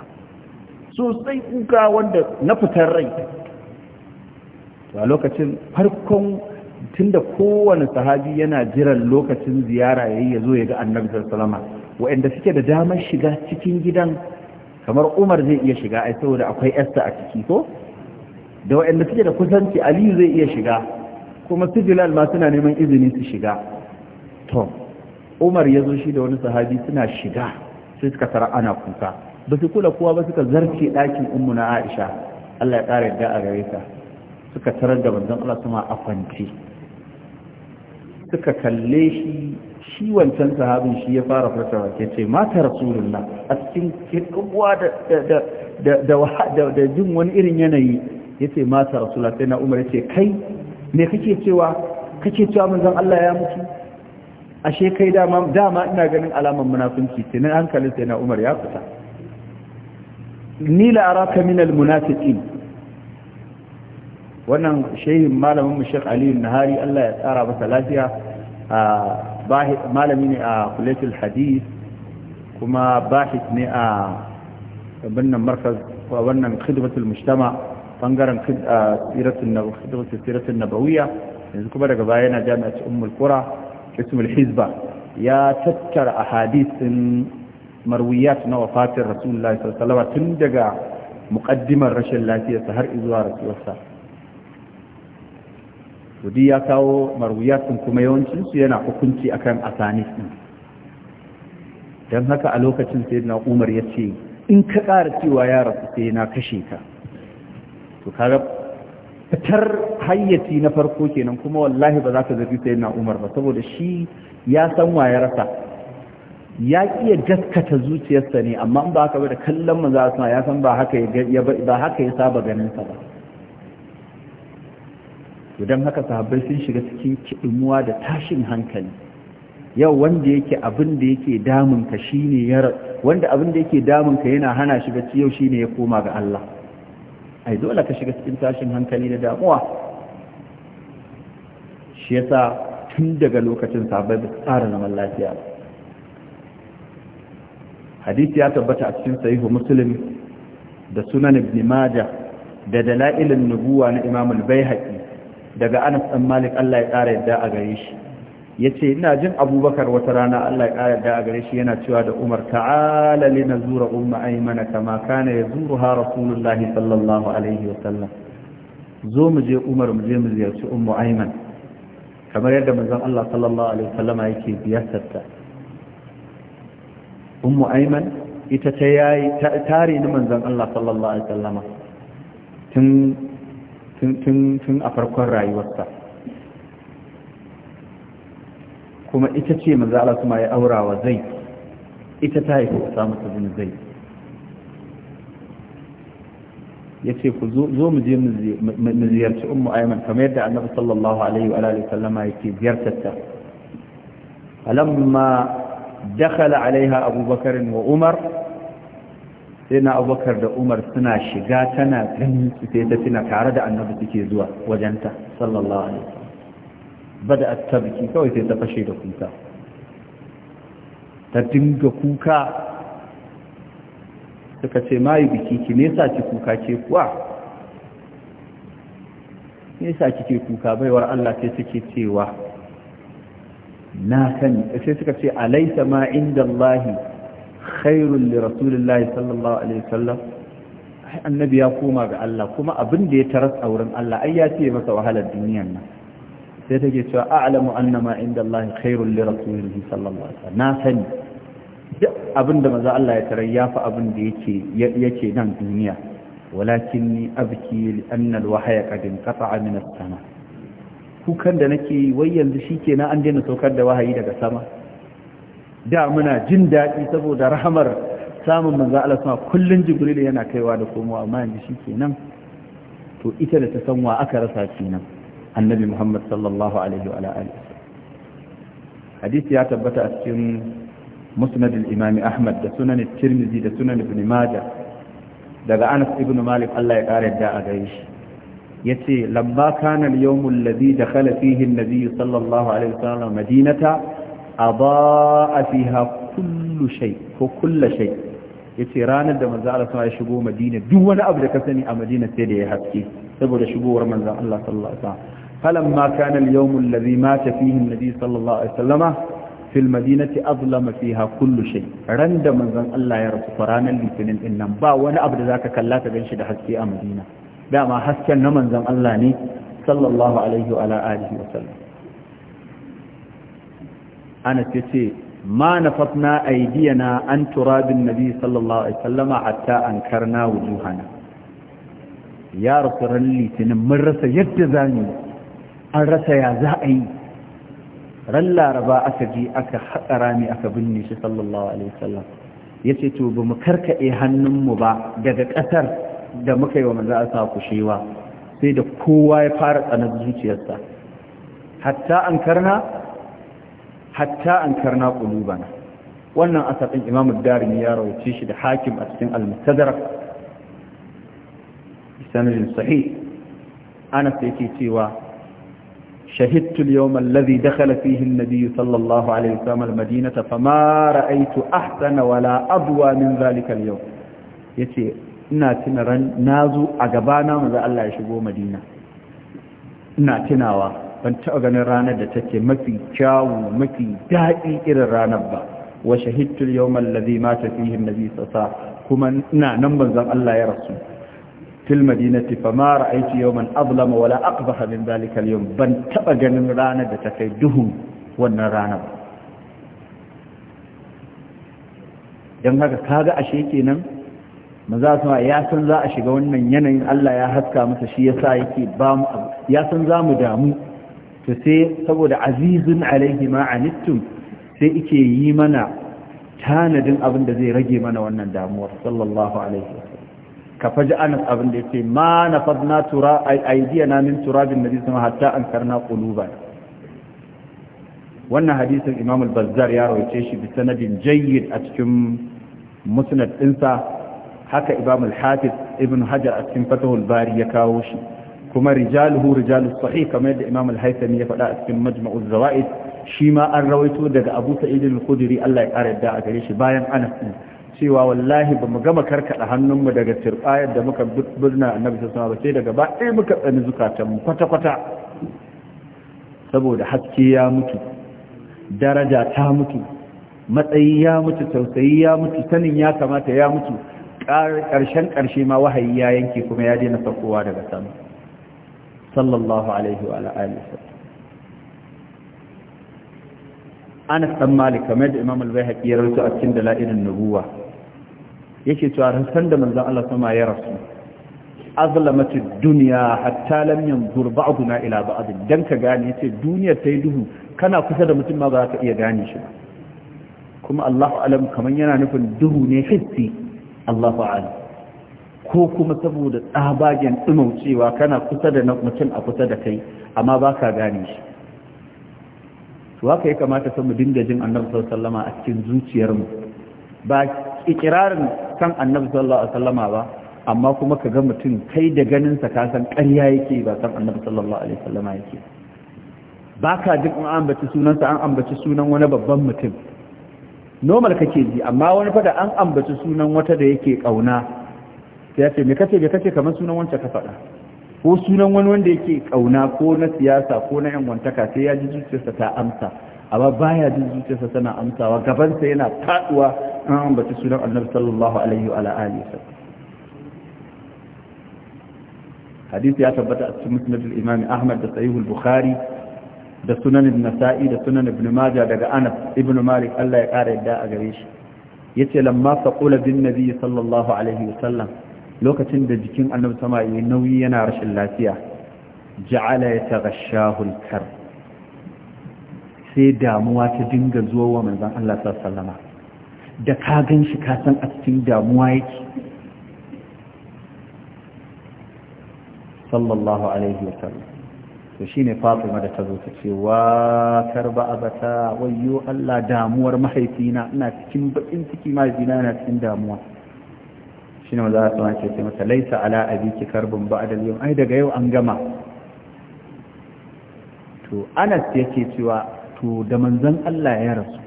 sosai kuka wanda na fitar rai a lokacin farkon tun da kowane sahabi yana jiran lokacin ziyara yayi ya zo ya ga annabi salama, waɗanda suke da damar shiga cikin gidan kamar umar zai iya shiga ai saboda akwai esta a ciki ko da waɗanda suke da kusanci aliyu zai iya shiga kuma sijilal ma suna neman izini su shiga to umar ya zo shi da wani sahabi suna shiga sai suka tara ana kuka ba su kula kowa ba suka zarce ɗakin ummu na aisha allah ya ƙara yadda a gare ta suka tarar da manzon allah kuma a kwance suka kalle shi shi wancan sahabin shi ya fara furtawa ke ce mata rasulullah a cikin kirkuwa da da da da jin wani irin yanayi yace mata rasulullah sai na umar yace kai me kake cewa kake cewa manzon Allah ya mutu ashe kai dama dama ina ganin alaman munafinci sai nan hankalin sai na Umar ya fita ni la araka min al munafiqin wannan shehin malamin mu Sheikh Ali Nahari Allah ya tsara masa lafiya a malami ne a Kullatul Hadith kuma bahith ne a wannan markaz wannan khidmatul mujtama' bangaren siratun nabawiya yanzu kuma daga baya yana jami'a cikin qura ismul hizba ya tattara ahadisin marwiyat na wafatin rasulullahi sallallahu tun daga muƙaddimar rashin lafiyarsa har zuwa rasuwarsa Wadi ya kawo marwiyatun kuma yawancinsu yana hukunci akan asanis ɗin, don haka a lokacin sai na umar ya ce in ka ƙara cewa ya rasu sai na kashe ka to kaga fitar hayyaci na farko kenan kuma wallahi ba za ka zafi sai na umar ba saboda shi ya san wa ya rasa ya iya gaskata zuciyarsa ne amma ba haka ba da kallon maza suna ya san ba haka ya ba haka ya saba ganin sa ba idan haka sahabbai sun shiga cikin kidimuwa da tashin hankali yau wanda yake abin da yake damunka shine ya wanda abin da yake damunka yana hana shi bacci yau shine ya koma ga Allah ai dole ka shiga cikin tashin hankali da damuwa shi yasa tun daga lokacin sabai ba tsara zaman lafiya hadisi ya tabbata a cikin sahihu muslim da sunan ibn majah da dalailin nubuwa na imam al-baihaqi daga anas dan malik Allah ya tsara yadda a gare shi ya ce ina jin abubakar wata rana allah ya da a gare shi yana cewa da umar ta'ala na zura umma aimana kama kana ya zuru ha rasulullahi sallallahu alaihi wa sallam zo mu je umar mu je mu ziyarci ummu aiman kamar yadda manzon allah sallallahu alaihi wa sallama yake ziyartarta ummu aiman ita ta yayi tare ni manzon allah sallallahu alaihi wa sallama tun tun tun a farkon rayuwarsa kuma ita ce manzo Allah kuma ya aura wa zai ita ta haifi Usama ibn Zaid yace ku zo mu je mu ziyarci ummu Ayman kamar yadda Annabi sallallahu alaihi wa alihi sallama yake ziyartarta falamma dakhala alaiha abubakar Bakar wa Umar sai na abubakar da umar suna shiga tana ganin su sai ta tuna tare da annabi suke zuwa wajenta sallallahu alaihi bada attabki kawai sai ta fashe da kuka ta dinga kuka suka ce mayu biki ki nesa ki kuka ke kuwa nesa kike kuka baiwar Allah sai suke cewa na sani sai suka ce alaisa ma inda Allahi khairun li rasulillahi sallallahu alaihi wasallam annabi ya koma ga Allah kuma abin da ya taras a wurin Allah ai ya ce masa wahalar duniyar nan sai take cewa a'lamu annama ma inda Allah khairul li sallallahu alaihi wasallam na sani duk abinda manzo Allah ya tarar yafi abin da yake yake nan duniya walakinni abki li anna al qad inqata'a min as-sama kukan da nake wai yanzu na an daina saukar da wahayi daga sama da muna jin daɗi saboda rahamar samun manzo Allah sama kullun jibril yana kaiwa da komowa amma yanzu nan. to ita da ta san wa aka rasa kenan annabi muhammad sallallahu alaihi wa alihi hadisi ya tabbata a cikin musnad al ahmad da sunan tirmidhi da sunan ibn majah daga anas ibn malik Allah ya kare da a gare shi yace lamma kana al-yawm alladhi dakhala fihi an-nabiy sallallahu alaihi wa sallam madinata adaa fiha kullu shay ko kullu shay yace ranar da manzo Allah ya shigo madina duk wani abu da ka sani a madina sai da ya haske saboda shigowar manzo Allah sallallahu alaihi wa فلما كان اليوم الذي مات فيه النبي صلى الله عليه وسلم في المدينة أظلم فيها كل شيء رند من ذن الله يرسو فرانا لتنين إنم با وانا أبدا ذاك كلاتا بنشد حسكي أمدينة داما حسكي نمن ذن الله ني صلى الله عليه وعلى آله وسلم أنا تتي ما نفطنا أيدينا أن تراب النبي صلى الله عليه وسلم حتى أنكرنا وجوهنا يا رسول الله لتنين من رسا يتزاني an rasa ya za a yi ran laraba aka ji aka haɗa rami aka binne shi sallallahu alaihi sallam. ya ce to ba mu karkaɗe hannunmu ba daga ƙasar da muka yi wa manzo a kushewa sai da kowa ya fara tsanar zuciyarsa hatta an karna hatta an karna kulubana wannan asarin imamu darin ya rauce shi da hakim a cikin al-mustadrak sanadin sahih anas yake cewa شهدت اليوم الذي دخل فيه النبي صلى الله عليه وسلم المدينة فما رأيت أحسن ولا أضوى من ذلك اليوم يتي ناتنا رن نازو أقبانا مذا الله يشبه مدينة ناتنا وا فانت أغن رانا دتتي مكي جاو مكي دائي إر رانبا وشهدت اليوم الذي مات فيه النبي صلى الله عليه وسلم كما نا نمبر الله يرسل fil madinati fa ma ra'aytu yawman azlama wala aqbaha min ban taɓa ganin ranar da ta kai duhu wannan ranar dan haka kaga ashe kenan maza su ya san za a shiga wannan yanayin Allah ya haska masa shi yasa yake ba mu ya san za mu damu to sai saboda azizin alaihi ma anittum sai yake yi mana tanadin abin da zai rage mana wannan damuwar sallallahu alaihi ka faji anas abin da yake ma na fadna tura aidiya na min turabin nabi sama hatta an karna kuluba wannan hadisin imam al-bazzar ya rawaice shi bi sanadin jayyid a cikin musnad dinsa haka imam al-hafiz ibn hajar a cikin fatahul bari ya kawo shi kuma rijaluhu rijalus sahih kamar yadda imam al-haythami ya faɗa a cikin majma'u zawaid shi ma an rawaito daga abu sa'id al-khudri Allah ya kare da a gare shi bayan anas cewa wallahi ba mu gama karkaɗa hannunmu daga turɓayar da muka birna annabi sama ba sai daga ba ɗaya muka tsani zukatanmu kwata-kwata saboda haske ya mutu daraja ta mutu matsayi ya mutu tausayi ya mutu sanin ya kamata ya mutu ƙarshen ƙarshe ma wahayi ya yanke kuma ya daina saukowa daga sama sallallahu alaihi wa Anas dan Malik kamar da Imam Al-Baihaqi ya rawaito a cikin dalailin Nubuwa yake cewa ran da manzon Allah sama ya rasu azlamatu dunya hatta lam yanzur ba'duna ila ba'd dan ka gane yace duniya tayi duhu kana kusa da mutum ma ba ka iya gane shi ba kuma Allahu alam kaman yana nufin duhu ne hissi Allahu alam ko kuma saboda tsabagen tsumaucewa kana kusa da mutum a kusa da kai amma ba ka gane shi to haka ya kamata sai mu dinga jin annabi sallallahu alaihi wasallama a cikin zuciyarmu ba ikirarin san annabi sallallahu alaihi wasallama ba amma kuma ka ga mutum kai da ganin sa ka san ƙarya yake ba san annabi sallallahu alaihi wasallama yake ba ka duk an ambaci sunansa an ambaci sunan wani babban mutum normal kake ji amma wani fa da an ambaci sunan wata da yake kauna sai ya ce me kace me kace kamar sunan wancan ka faɗa ko sunan wani wanda yake kauna ko na siyasa ko na yan wantaka sai ya ji zuciyarsa ta amsa amma baya jin zuciyarsa tana amsawa gabansa yana faduwa an ambaci sunan annabi sallallahu alaihi wa alihi hadisi ya tabbata a cikin musnad al-imam Ahmad da sahih al-Bukhari da sunan an-Nasa'i da sunan Ibn Majah daga Anas ibn Malik Allah ya kara yadda a gare shi yace lamma faqula bin nabi sallallahu alaihi lokacin da jikin annabi sama yayi nauyi yana rashin lafiya ja'ala yataghashahu al-karb sai damuwa ta dinga zuwa wa manzan Allah sallama da ka gan shi kasan a cikin damuwa yake sallallahu alaihi wa sallam to shine Fatima da ta zo ta ce wa karba abata wayyo Allah damuwar mahaifina ina cikin bakin ciki mahaifina yana cikin damuwa shine manzo Allah sallallahu alaihi ce mata laisa ala abiki karbun ba al yau ai daga yau an gama to Anas yake cewa to da manzan Allah ya rasu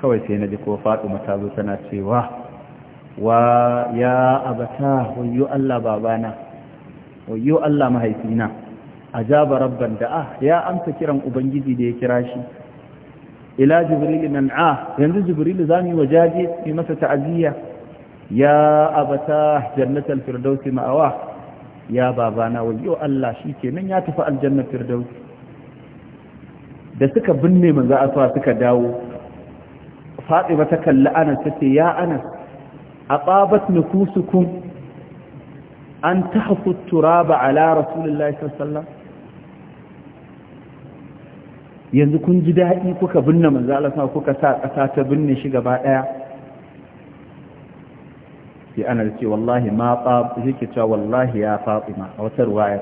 kawai sai na ji ko faɗi ta tana cewa wa ya abata wayo Allah babana wayo Allah mahaifina ajaba rabban da'a ya amsa kiran ubangiji da ya kira shi ila jibril nan a ah, yanzu jibril zamu wajaje yi masa ta'aziyya ya abata jannatul firdausi ma'awa ya babana wayo Allah shikenan ya tafi aljannatul firdausi da suka binne manzo asuwa suka dawo fatima ta kalli anas tace ya anas aqabat nufusukum an tahfu turaba ala rasulillahi sallallahu yanzu kun ji daɗi kuka binne manzo Allah sa kuka sa ƙasa ta binne shi gaba ɗaya sai ana ce wallahi ma fa yake cewa wallahi ya fatima a wata ruwaya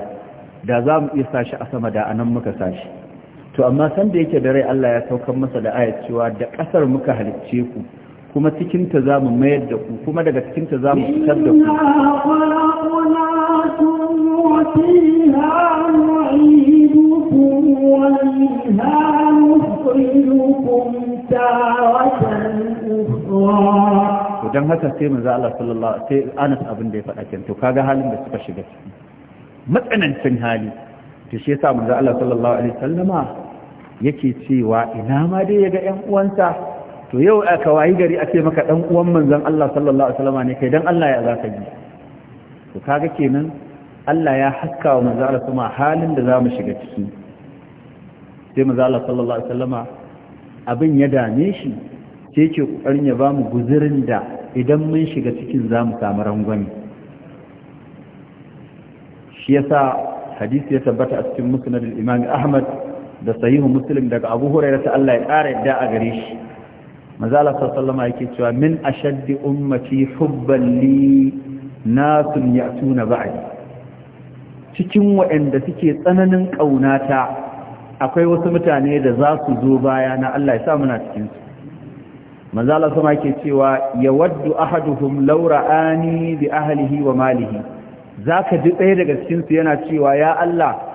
da za mu iya sashi a sama da anan muka sashi to amma san da yake da rai Allah ya saukar masa da ayat cewa da ƙasar muka halicce ku kuma cikin ta zamu mayar da ku kuma daga cikin ta zamu fitar da ku don haka sai manzo Allah sallallahu alaihi sai Anas abin da ya faɗa kin to kaga halin da suka shiga matsanancin hali to shi yasa manzo Allah sallallahu alaihi wasallama yake cewa ina ma dai yaga ga 'yan uwansa to yau a kawai gari a ce maka ɗan uwan manzon Allah sallallahu Alaihi wasallam ne kai dan Allah ya za ka to kaga kenan Allah ya haska wa manzon Allah kuma halin da zamu shiga ciki sai manzon Allah sallallahu Alaihi wasallama abin ya dame shi sai ke kokarin ya bamu guzurin guzirin da idan mun shiga cikin zamu samu rangwame shi yasa hadisi ya tabbata a cikin musnad al-imam Ahmad da sahihu muslim daga abu hurairah ta Allah ya ƙara yadda a gare shi mazala sallama yake cewa min ashaddi ummati hubban li nasun ya'tuna ba'di cikin waɗanda suke tsananin ƙaunata akwai wasu mutane da za su zo baya na Allah ya sa muna cikin su mazala sama ke cewa ya yawaddu ahaduhum Laura, ra'ani bi ahlihi wa malihi zaka ji ɗaya daga cikin su yana cewa ya Allah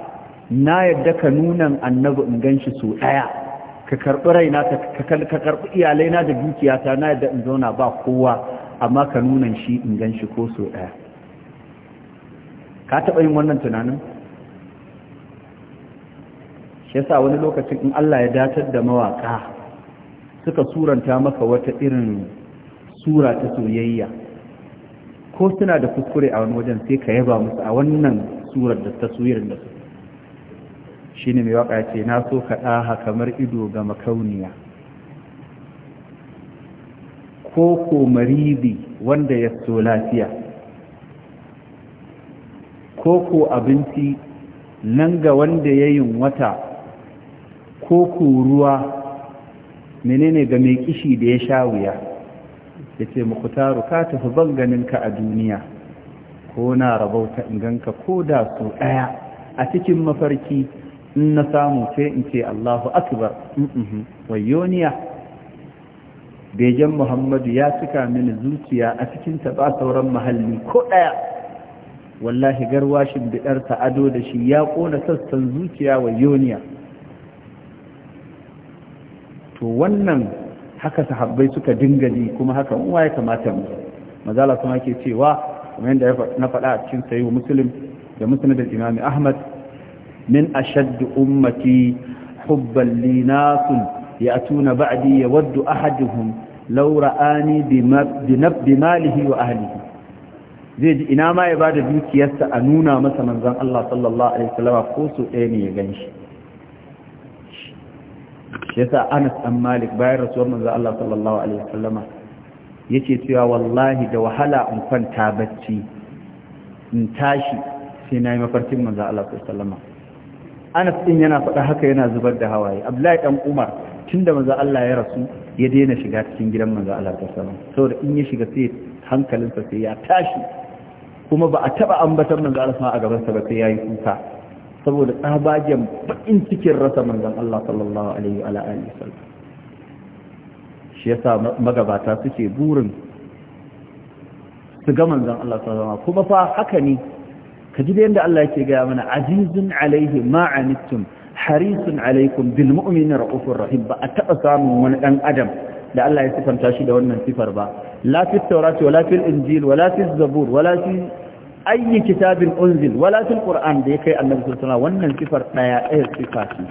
na yadda ka nuna annabi in gan shi so ɗaya ka karɓi raina ka karɓi iyalaina da dukiyata na yadda in zauna ba kowa amma ka nunan shi in gan shi ko so ɗaya ka taɓa yin wannan tunanin shi yasa wani lokacin in Allah ya datar da mawaƙa suka suranta maka wata irin sura ta soyayya ko suna da kuskure a wani wajen sai ka yaba musu a wannan surar da ta suyirin shine mai waka ce na so ka ɗaha kamar ido ga makauniya ko ko maridi wanda ya so lafiya ko ko abinci nan ga wanda ya yin wata ko ko ruwa menene ga mai kishi da ya sha wuya ya ce mukutaru ka tafi banganinka a duniya ko na rabauta inganka ko da su ɗaya a cikin mafarki in na samu sai in ce Allahu akbar mm-hmm. wayoniya bejan Muhammadu ya cika mini zuciya a cikin ta ba sauran mahalli ko daya wallahi garwashin bidar ta ado da shi ya kona sassan zuciya wayoniya to wannan haka sahabbai suka dinga ji kuma haka uwa ya kamata mu mazala kuma ke cewa kamar yadda na faɗa a cikin sayi muslim da musnad da imami ahmad min ashadd ummati hubban li nasun ya'tuna ba'di yawaddu ahaduhum law ra'ani bi malihi wa ahlihi zai ji ina ma ya bada dukiyarsa a nuna masa manzon Allah sallallahu alaihi wasallam ko su ɗaya ne ya ganshi yasa Anas dan Malik bayan rasuwar manzon Allah sallallahu alaihi wasallama yake cewa wallahi da wahala in kwanta bacci in tashi sai na yi mafarkin manzan Allah anas din yana faɗa haka yana zubar da hawaye abdullahi dan umar tunda manzo Allah ya rasu ya daina shiga cikin gidan manzo Allah ta sallam saboda in ya shiga sai hankalinsa sai ya tashi kuma ba a taba ambatar manzo Allah a gaban sa ba sai yayi kuka saboda tsabagen bakin cikin rasa manzon Allah sallallahu alaihi wa alihi wasallam shi yasa magabata suke burin su ga manzon Allah sallallahu alaihi kuma fa haka ne ka ji da Allah yake gaya mana azizun alaihi ma'anittum harisun alaikum bil mu'minin ra'ufur rahim ba a taba samun wani dan adam da Allah ya sifanta shi da wannan sifar ba la fi taurati wala fil injil wala fi zabur wala fi ayi kitabin unzil wala fil qur'an da ya kai annabi sallallahu alaihi wasallam wannan sifar daya ɗaya sifa ce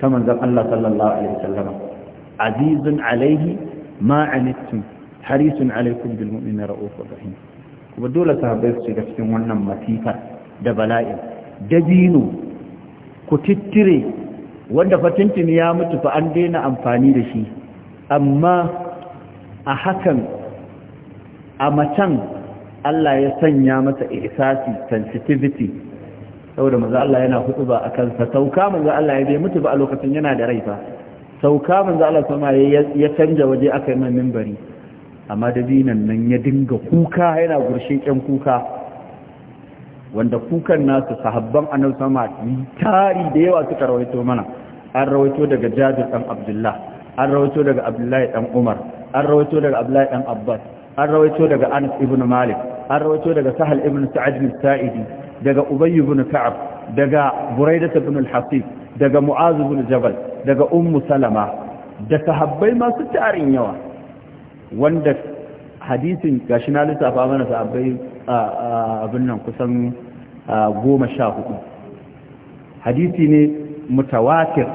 ta manzon Allah sallallahu alaihi wasallam azizun alaihi ma'anittum harisun alaikum bil mu'minin ra'ufur rahim kuma dole sahabbai su shiga cikin wannan masifar da bala'in dabino ku tittire wanda fatintin ya mutu fa an daina amfani da shi amma a hakan a macen Allah ya sanya masa ihsasi sensitivity saboda manzo Allah yana hudu ba akan sa sauka manzo Allah ya bai mutu ba a lokacin yana da rai fa sauka manzo Allah sama ya canja waje aka yi mai minbari amma binan nan ya dinga kuka yana gurshe kyan kuka wanda kukan nasu sahabban annabi sama tari da yawa suka rawaito mana an rawaito daga Jabir dan Abdullah an rawaito daga Abdullah dan Umar an rawaito daga Abdullah dan Abbas an rawaito daga Anas ibn Malik an rawaito daga Sahal ibn Sa'id bin Sa'idi daga Ubay ibn Ka'ab daga Buraidah ibn al-Hasib daga Mu'az ibn Jabal daga Ummu Salama da sahabbai masu tarin yawa wanda hadisin gashi na lissafa mana sahabbai abin nan kusan goma sha hudu hadisi ne mutawatir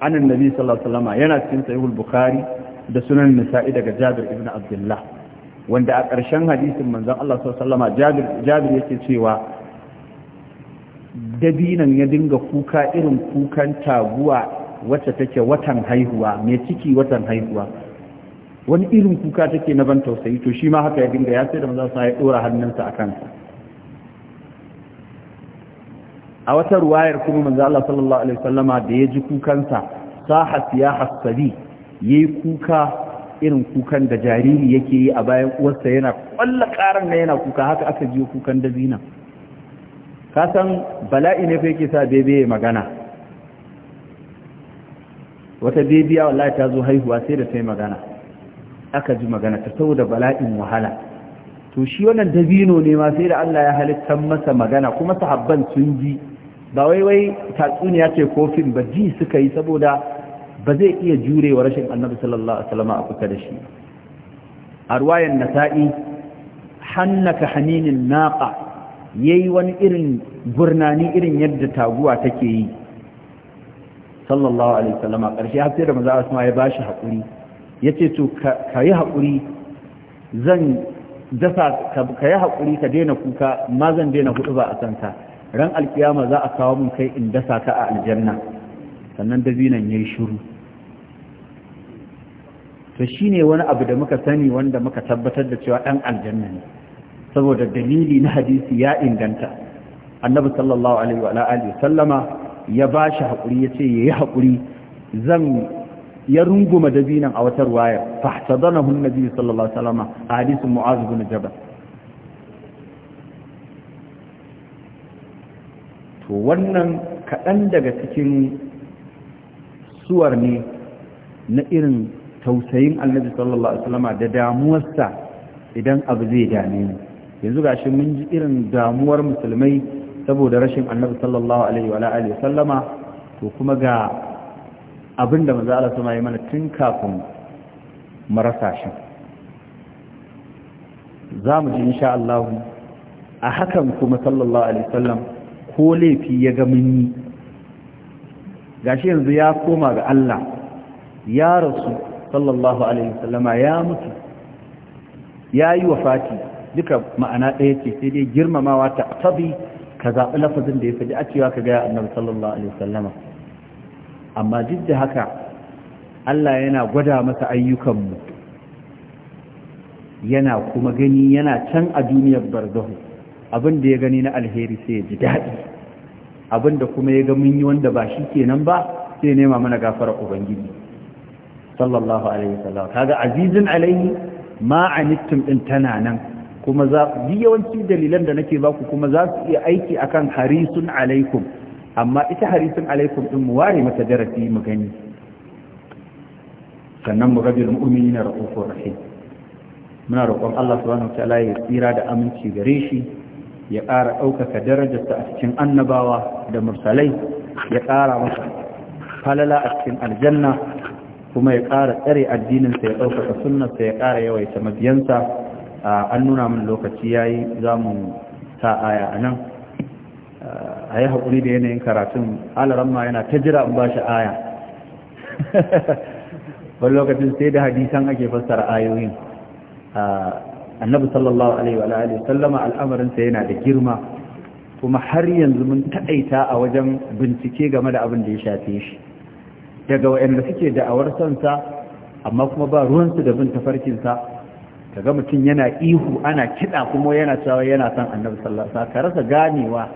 anan nabi sallallahu alaihi wasallam yana cikin sahihul bukhari da sunan nisa'i daga jabir ibn abdullah wanda a ƙarshen hadisin manzon Allah sallallahu alaihi jabir jabir yake cewa dabinan ya dinga kuka irin kukan taguwa wacce take watan haihuwa mai ciki watan haihuwa wani irin kuka take na ban tausayi to shi ma haka ya dinga ya sai da manzon sa ya dora hannunsa a kansa a wata ruwayar kuma manzo Allah sallallahu alaihi wasallama da ya ji kukansa saha siyaha sabi yayi kuka irin kukan da jariri yake yi a bayan uwarsa yana kwalla karan ne yana kuka haka aka ji kukan zina ka san bala'i ne fa yake sa bebe ya magana wata bebiya wallahi ta zo haihuwa sai da sai magana aka ji magana ta saboda bala'in wahala to shi wannan dabino ne ma sai da Allah ya halittar masa magana kuma sahabban sun ji ba wai wai tatsuniya ce kofin fim ba ji suka yi saboda ba zai iya jurewa rashin annabi sallallahu alaihi wasallam a kuka da shi a ruwayan nasa'i hannaka haninin naqa yayi wani irin gurnani irin yadda taguwa take yi sallallahu alaihi wasallam karshe har sai da manzo asma ya bashi hakuri yace to ka yi hakuri zan dasa ka yi hakuri ka daina kuka ma zan daina hudu ba a sanka ran alkiyama za a kawo mun kai in dasa ka a aljanna sannan dabinan yayi shiru to shi ne wani abu da muka sani wanda muka tabbatar da cewa ɗan aljanna ne saboda dalili na hadisi ya inganta annabi sallallahu alaihi wa alihi sallama ya bashi hakuri yace yayi haƙuri. zan ya runguma dabinan a wata ruwaya fa hadanahu annabi sallallahu alaihi wasallama a hadisin mu'az ibn jabal to wannan kaɗan daga cikin suwar ne na irin tausayin annabi sallallahu alaihi wasallama da damuwarsa idan abu zai dame ni? yanzu gashi mun ji irin damuwar musulmai saboda rashin annabi sallallahu alaihi wa alihi sallama, to kuma ga abinda manzo Allah sama yi mana tun kafin mu rasa shi zamu ji insha Allah a hakan kuma sallallahu alaihi wasallam ko laifi ya ga mun yi gashi yanzu ya koma ga Allah ya rasu sallallahu alaihi wasallama ya mutu ya yi Fati duka ma'ana ɗaya ce sai dai girmamawa ta tabi ka zaɓi lafazin da ya fi a cewa ka gaya annabi sallallahu alaihi wasallama amma duk da haka Allah yana gwada masa ayyukanmu yana kuma gani yana can a duniyar barzahu abin da ya gani na alheri sai ya ji daɗi abin da kuma ya ga mun yi wanda ba shi kenan ba sai nema mana gafara ubangiji sallallahu alaihi wasallam kaga azizin alaihi ma anittum din tana nan kuma za yawanci dalilan da nake baku kuma za su iya aiki akan harisun alaikum amma ita harisun alaikum din mu ware mata darasi mu gani sannan mu rabil mu'minina ra'ufur rahim muna roƙon Allah subhanahu wa ta'ala ya tsira da aminci gare shi ya ƙara ɗaukaka darajarsa a cikin annabawa da mursalai ya ƙara masa falala a cikin aljanna kuma ya ƙara tsare addininsa ya ɗaukaka sunnarsa ya ƙara yawaita mabiyansa an nuna min lokaci ya yi za mu sa aya a nan a yi haƙuri da yanayin karatun alaramma yana ta jira in ba shi aya wani lokacin sai da hadisan ake fassara ayoyin annabi sallallahu alaihi wa alihi sallama al'amarinsa yana da girma kuma har yanzu mun taƙaita a wajen bincike game da abin da ya shafe shi daga wayanda suke da'awar sansa amma kuma ba ruwansu da bin tafarkinsa kaga mutum yana ihu ana kiɗa kuma yana cewa yana son annabi sallallahu alaihi ka rasa ganewa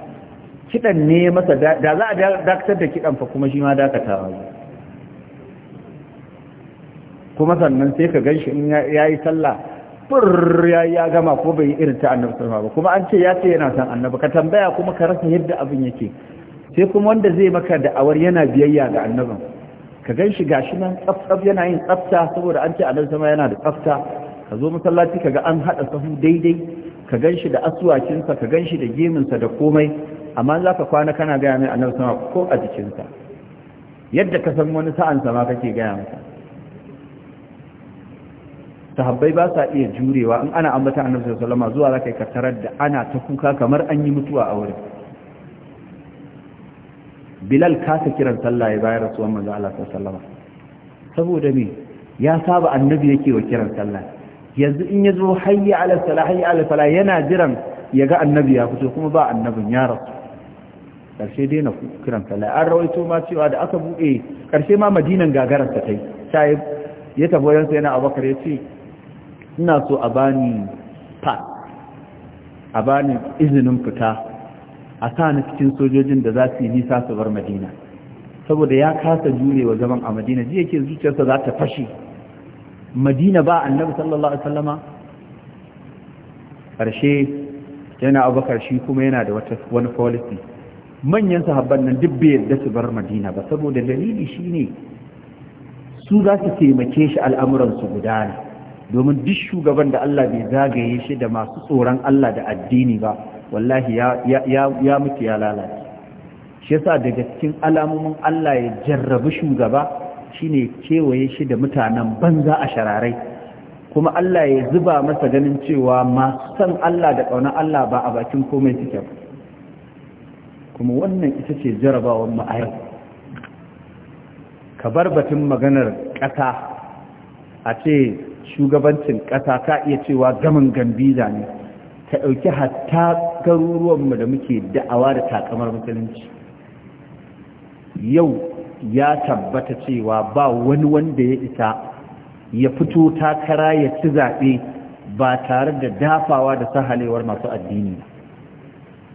kiɗan ne masa da za a dakatar da kiɗan fa kuma shi ma dakatawa kuma sannan sai ka ganshi in yayi sallah fur ya ya gama ko bai irin ta annabi sallallahu alaihi kuma an ce ya ce yana san annabi ka tambaya kuma ka rasa yadda abin yake sai kuma wanda zai maka da'awar yana biyayya ga annabin ka gan shi gashi nan tsaf yana yin tsafta saboda an ce annabi sama yana da tsafta ka zo masallaci ga an haɗa sahu daidai ka gan shi da asuwacinsa ka gan shi da geminsa da komai amma za ka kwana kana gaya mai annabi sama ko a jikinsa yadda ka san wani sa'ansa ma kake gaya masa sahabbai ba sa iya jurewa in ana ambata annabi sallallahu alaihi zuwa zakai kattarar da ana ta kuka kamar an yi mutuwa a wurin bilal kasa kiran sallah ya bayar rasuwan manzo Allah sallallahu saboda me ya saba annabi yake wa kiran sallah yanzu in yazo hayya ala salah hayya ala salah yana jiran ya ga annabi ya fito kuma ba annabin ya rasu karshe dai na kiran sallah an rawaito ma cewa da aka buɗe karshe ma madinan gagararsa ta yi ya tafi wajensa yana abakar ya ce ina so a bani pat a bani izinin fita a sani cikin sojojin da za su yi nisa su bar madina saboda ya kasa jurewa zaman a madina ji yake zuciyarsa za ta fashe madina ba annabi sallallahu alaihi wasallama karshe yana abu karshe kuma yana da wata wani policy manyan sahabban nan duk bai yadda su bar madina ba saboda dalili shine su za su taimake shi al'amuran su gudana domin duk shugaban da Allah bai zagaye shi da masu tsoron Allah da addini ba wallahi ya mutu ya lalace shi yasa daga cikin alamomin Allah ya jarrabi shugaba shine kewaye shi da mutanen banza a shararai kuma Allah ya zuba masa ganin cewa masu san Allah da ƙaunar Allah ba a bakin komai suke kuma wannan ita ce jarrabawar ma'ayar ka bar batun maganar ƙasa a ce shugabancin ƙasa ka iya cewa gaman gambiza ne ta ɗauki hatta garuruwanmu da muke da'awa da takamar musulunci yau ya tabbata cewa ba wani wanda ya isa ya fito takara ya ci zaɓe ba tare da dafawa da sahalewar masu addini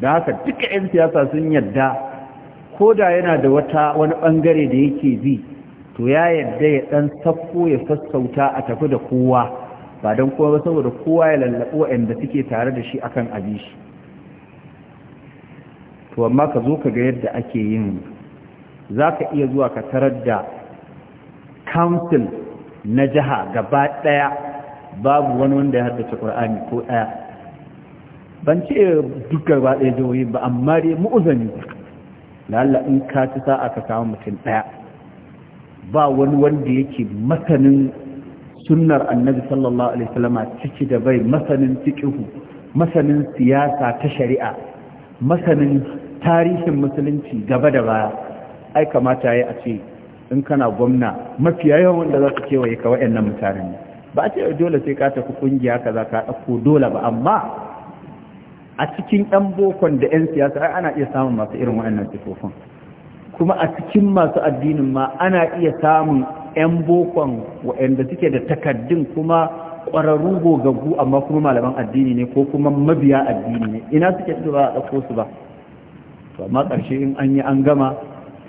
da haka duka 'yan siyasa sun yadda ko da yana da wata wani ɓangare da yake bi to ya yadda ya ɗan saffo ya sassauta a tafi da kowa ba don kowa ba saboda kowa ya lallaɓo 'yanda suke tare da shi akan abin shi to amma ka zo ka ga yadda ake yin za ka iya zuwa ka tarar da council na jiha gaba ɗaya babu wani wanda ya haddace Kur'ani ko ɗaya ban ce duk gaba ɗaya jihohi ba amma dai mu'uzani lalla in ka ci sa'a ka samu mutum ɗaya ba wani wanda yake masanin sunnar annabi sallallahu alaihi wasallama ciki da bai masanin fiqhu masanin siyasa ta shari'a masanin tarihin musulunci gaba da baya ai kamata yayi a ce in kana gwamna mafi yawan wanda za su kewaye ka waɗannan mutanen ba a ce dole sai ka tafi kungiya kaza ka dauko dole ba amma a cikin ɗan bokon da 'yan siyasa ai ana iya samun masu irin wayannan sifofin kuma a cikin masu addinin ma ana iya samun 'yan bokon waɗanda suke da takaddun kuma ƙwararru gogaggu amma kuma malaman addini ne ko kuma mabiya addini ne ina suke su ba a ɗauko su ba to amma ƙarshe in an yi an gama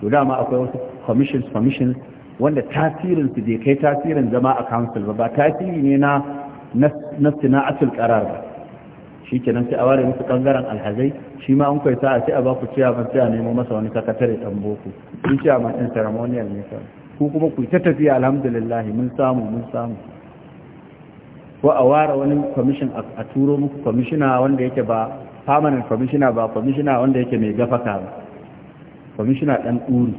to dama akwai wasu commissions commissions wanda tasirin su bai kai tasirin zama a council ba ba tasiri ne na na sana'atul qarar ba shi kenan sai a ware musu ɓangaren alhazai shi ma an kai sa'a ce a baku ciya ban ciya a nemo masa wani sakatare ɗan boko ciya ma din ceremonial ne sa ku kuma ku ta tafiya alhamdulillah mun samu mun samu ko a ware wani commission a turo muku commissioner wanda yake ba permanent commissioner ba commissioner wanda yake mai gafaka ba commissioner ɗan duri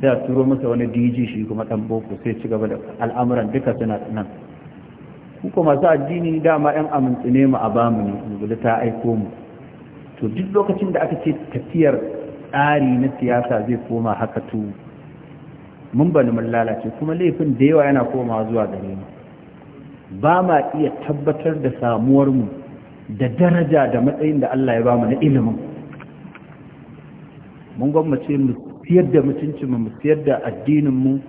sai a turo masa wani DG shi kuma ɗan boko sai ci gaba da al'amuran duka suna nan kuka masu addini dama 'yan amince ne mu a bamu ne ingila ta aiko mu to duk lokacin da aka ce tafiyar tsari na siyasa zai koma haka tu mun bani mun lalace kuma laifin da yawa yana komawa zuwa gare mu ba ma iya tabbatar da samuwar mu da daraja da matsayin da Allah ya ba mu na ilimin mun gwammace mu siyar da mutuncinmu mu siyar da addininmu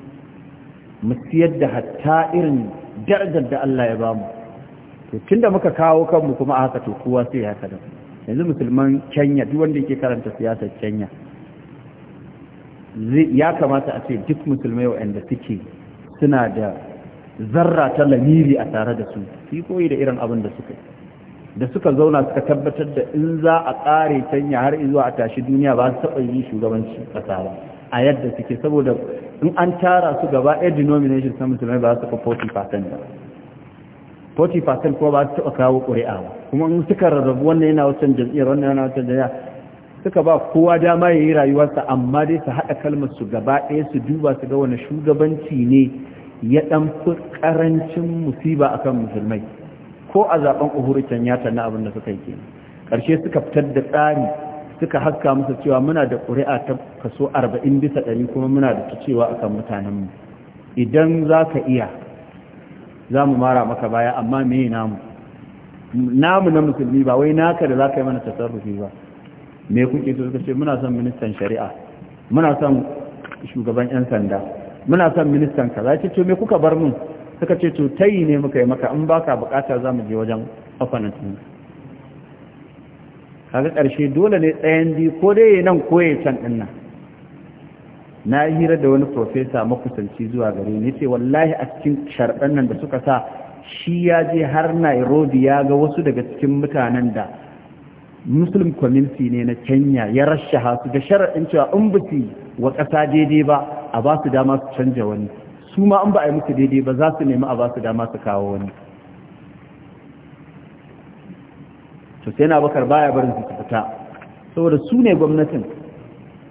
mu siyar da hatta irin darajar da Allah ya ba mu to da muka kawo kanmu kuma a haka to kowa sai ya kada yanzu musulman Kenya duk wanda yake karanta siyasar Kenya ya kamata a ce duk musulmai waɗanda suke suna da zarra ta lamiri a tare da su su koyi da irin abin da suka da suka zauna suka tabbatar da in za a ƙare Kenya har zuwa a tashi duniya ba su taɓa yi shugabanci kasa ba a yadda suke saboda in an tara su gaba a denomination sun musulmai ba su ka 40% ba 40% kuma ba su taɓa kawo ƙuri'a ba kuma in suka rarrabu wannan yana wacan jam'iyyar wannan yana wacan jam'iyyar suka ba kowa dama ya yi rayuwarsa amma dai su haɗa kalmar su gaba ɗaya su duba su ga wani shugabanci ne ya ɗan fi ƙarancin musiba akan musulmai ko a zaben uhuru can ya tanna abin da suka yi kenan ƙarshe suka fitar da tsari suka haska musu cewa muna da ƙuri'a ta kaso 40 bisa 100 kuma muna da cewa akan mutanenmu idan za ka iya za mu mara maka baya amma me namu namu na musulmi ba wai naka da za ka yi mana tasarrufi ba me kuke so suka ce muna son ministan shari'a muna son shugaban 'yan sanda muna son ministan kaza ce to me kuka bar mun suka ce to tayi ne muka yi maka in baka bukata za mu je wajen opponent kaga ƙarshe dole ne tsayan biyu ko dai nan ko ya can ɗin na. na hira da wani profesa makusanci zuwa gare ni ce wallahi a cikin sharɗan nan da suka sa shi ya je har nairobi ya ga wasu daga cikin mutanen da muslim community ne na kenya ya rasha hasu da sharaɗin cewa in ba su wa ƙasa daidai ba a ba su dama su canja wani su ma in ba a yi musu daidai ba za su nemi a ba su dama su kawo wani to sai na bakar baya barin su fita saboda su ne gwamnatin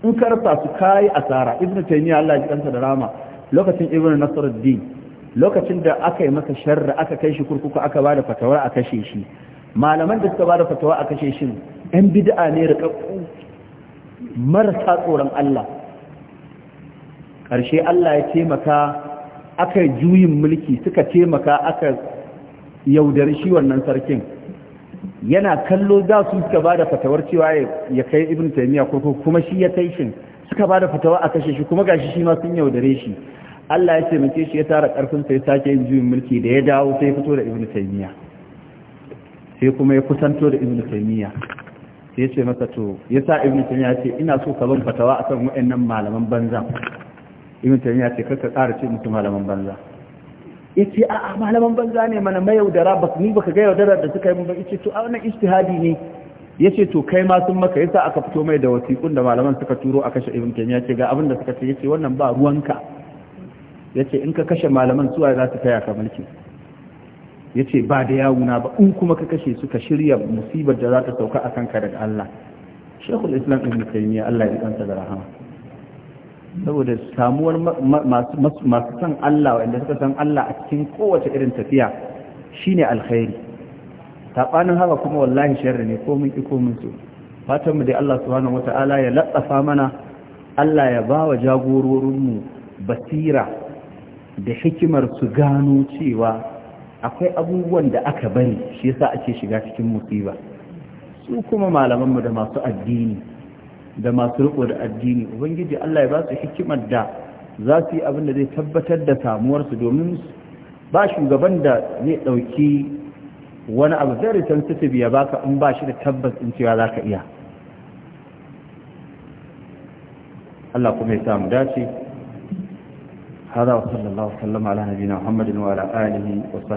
in karfa su kayi asara ibnu taymiya Allah ya kanta da rama lokacin ibnu nasruddin lokacin da aka yi masa sharri aka kai shi kurkuku aka bada fatawa a kashe shi malaman da suka bada fatawa a kashe shi ɗan bid'a ne riƙaƙƙu marasa tsoron Allah Karshe Allah ya taimaka aka juyin mulki suka taimaka aka yaudari shi wannan sarkin yana kallo za su suka ba da fatawar cewa ya kai ibn taimiyya ko kuma shi ya kai shin suka ba da fatawa a kashe shi kuma gashi shi ma sun yaudare shi Allah ya ce mace shi ya tara karfin sai sake yin juyin mulki da ya dawo sai fito da ibn taimiyya sai kuma ya kusanto da ibn taimiyya sai ya ce masa to ya sa ibn taimiyya ce ina so ka ban fatawa akan wa'annan malaman banza ibn taimiyya ce kar ka ƙara ce mutum malaman banza yace a a malaman banza ne mana mayaudara ba ni baka ga yaudara da suka yi mun ba yace to a wannan ijtihadi ne yace to kai ma sun maka yasa aka fito mai da wasiƙun da malaman suka turo a kashe ibn kemiya yace ga abin da suka ce yace wannan ba ruwanka yace in ka kashe malaman suwa za su kaya ka mulki yace ba da yawuna ba in kuma ka kashe su ka shirya musibar da za ta sauka akan ka daga Allah Sheikhul Islam Ibn Taymiyyah Allah ya kansa da rahama saboda samuwar masu san Allah wanda suka san Allah a cikin kowace irin tafiya shine alkhairi sabanin haka kuma wallahi sharri ne ko mun ki ko Fatanmu fatan mu dai Allah subhanahu wataala ya latsafa mana Allah ya bawa jagororin mu basira da hikimar su gano cewa akwai abubuwan da aka bari shi yasa ake shiga cikin musiba su kuma malaman mu da masu addini da masu riko da addini ubangiji Allah ya ba su hikimar da za su yi abin da zai tabbatar da samuwarsu domin ba shugaban da zai ɗauki wani abu Zai sensitive ya baka in ba shi da tabbas in cewa za ka iya Allah kuma ya samu dace هذا وصلى الله وسلم على نبينا محمد وعلى آله وصحبه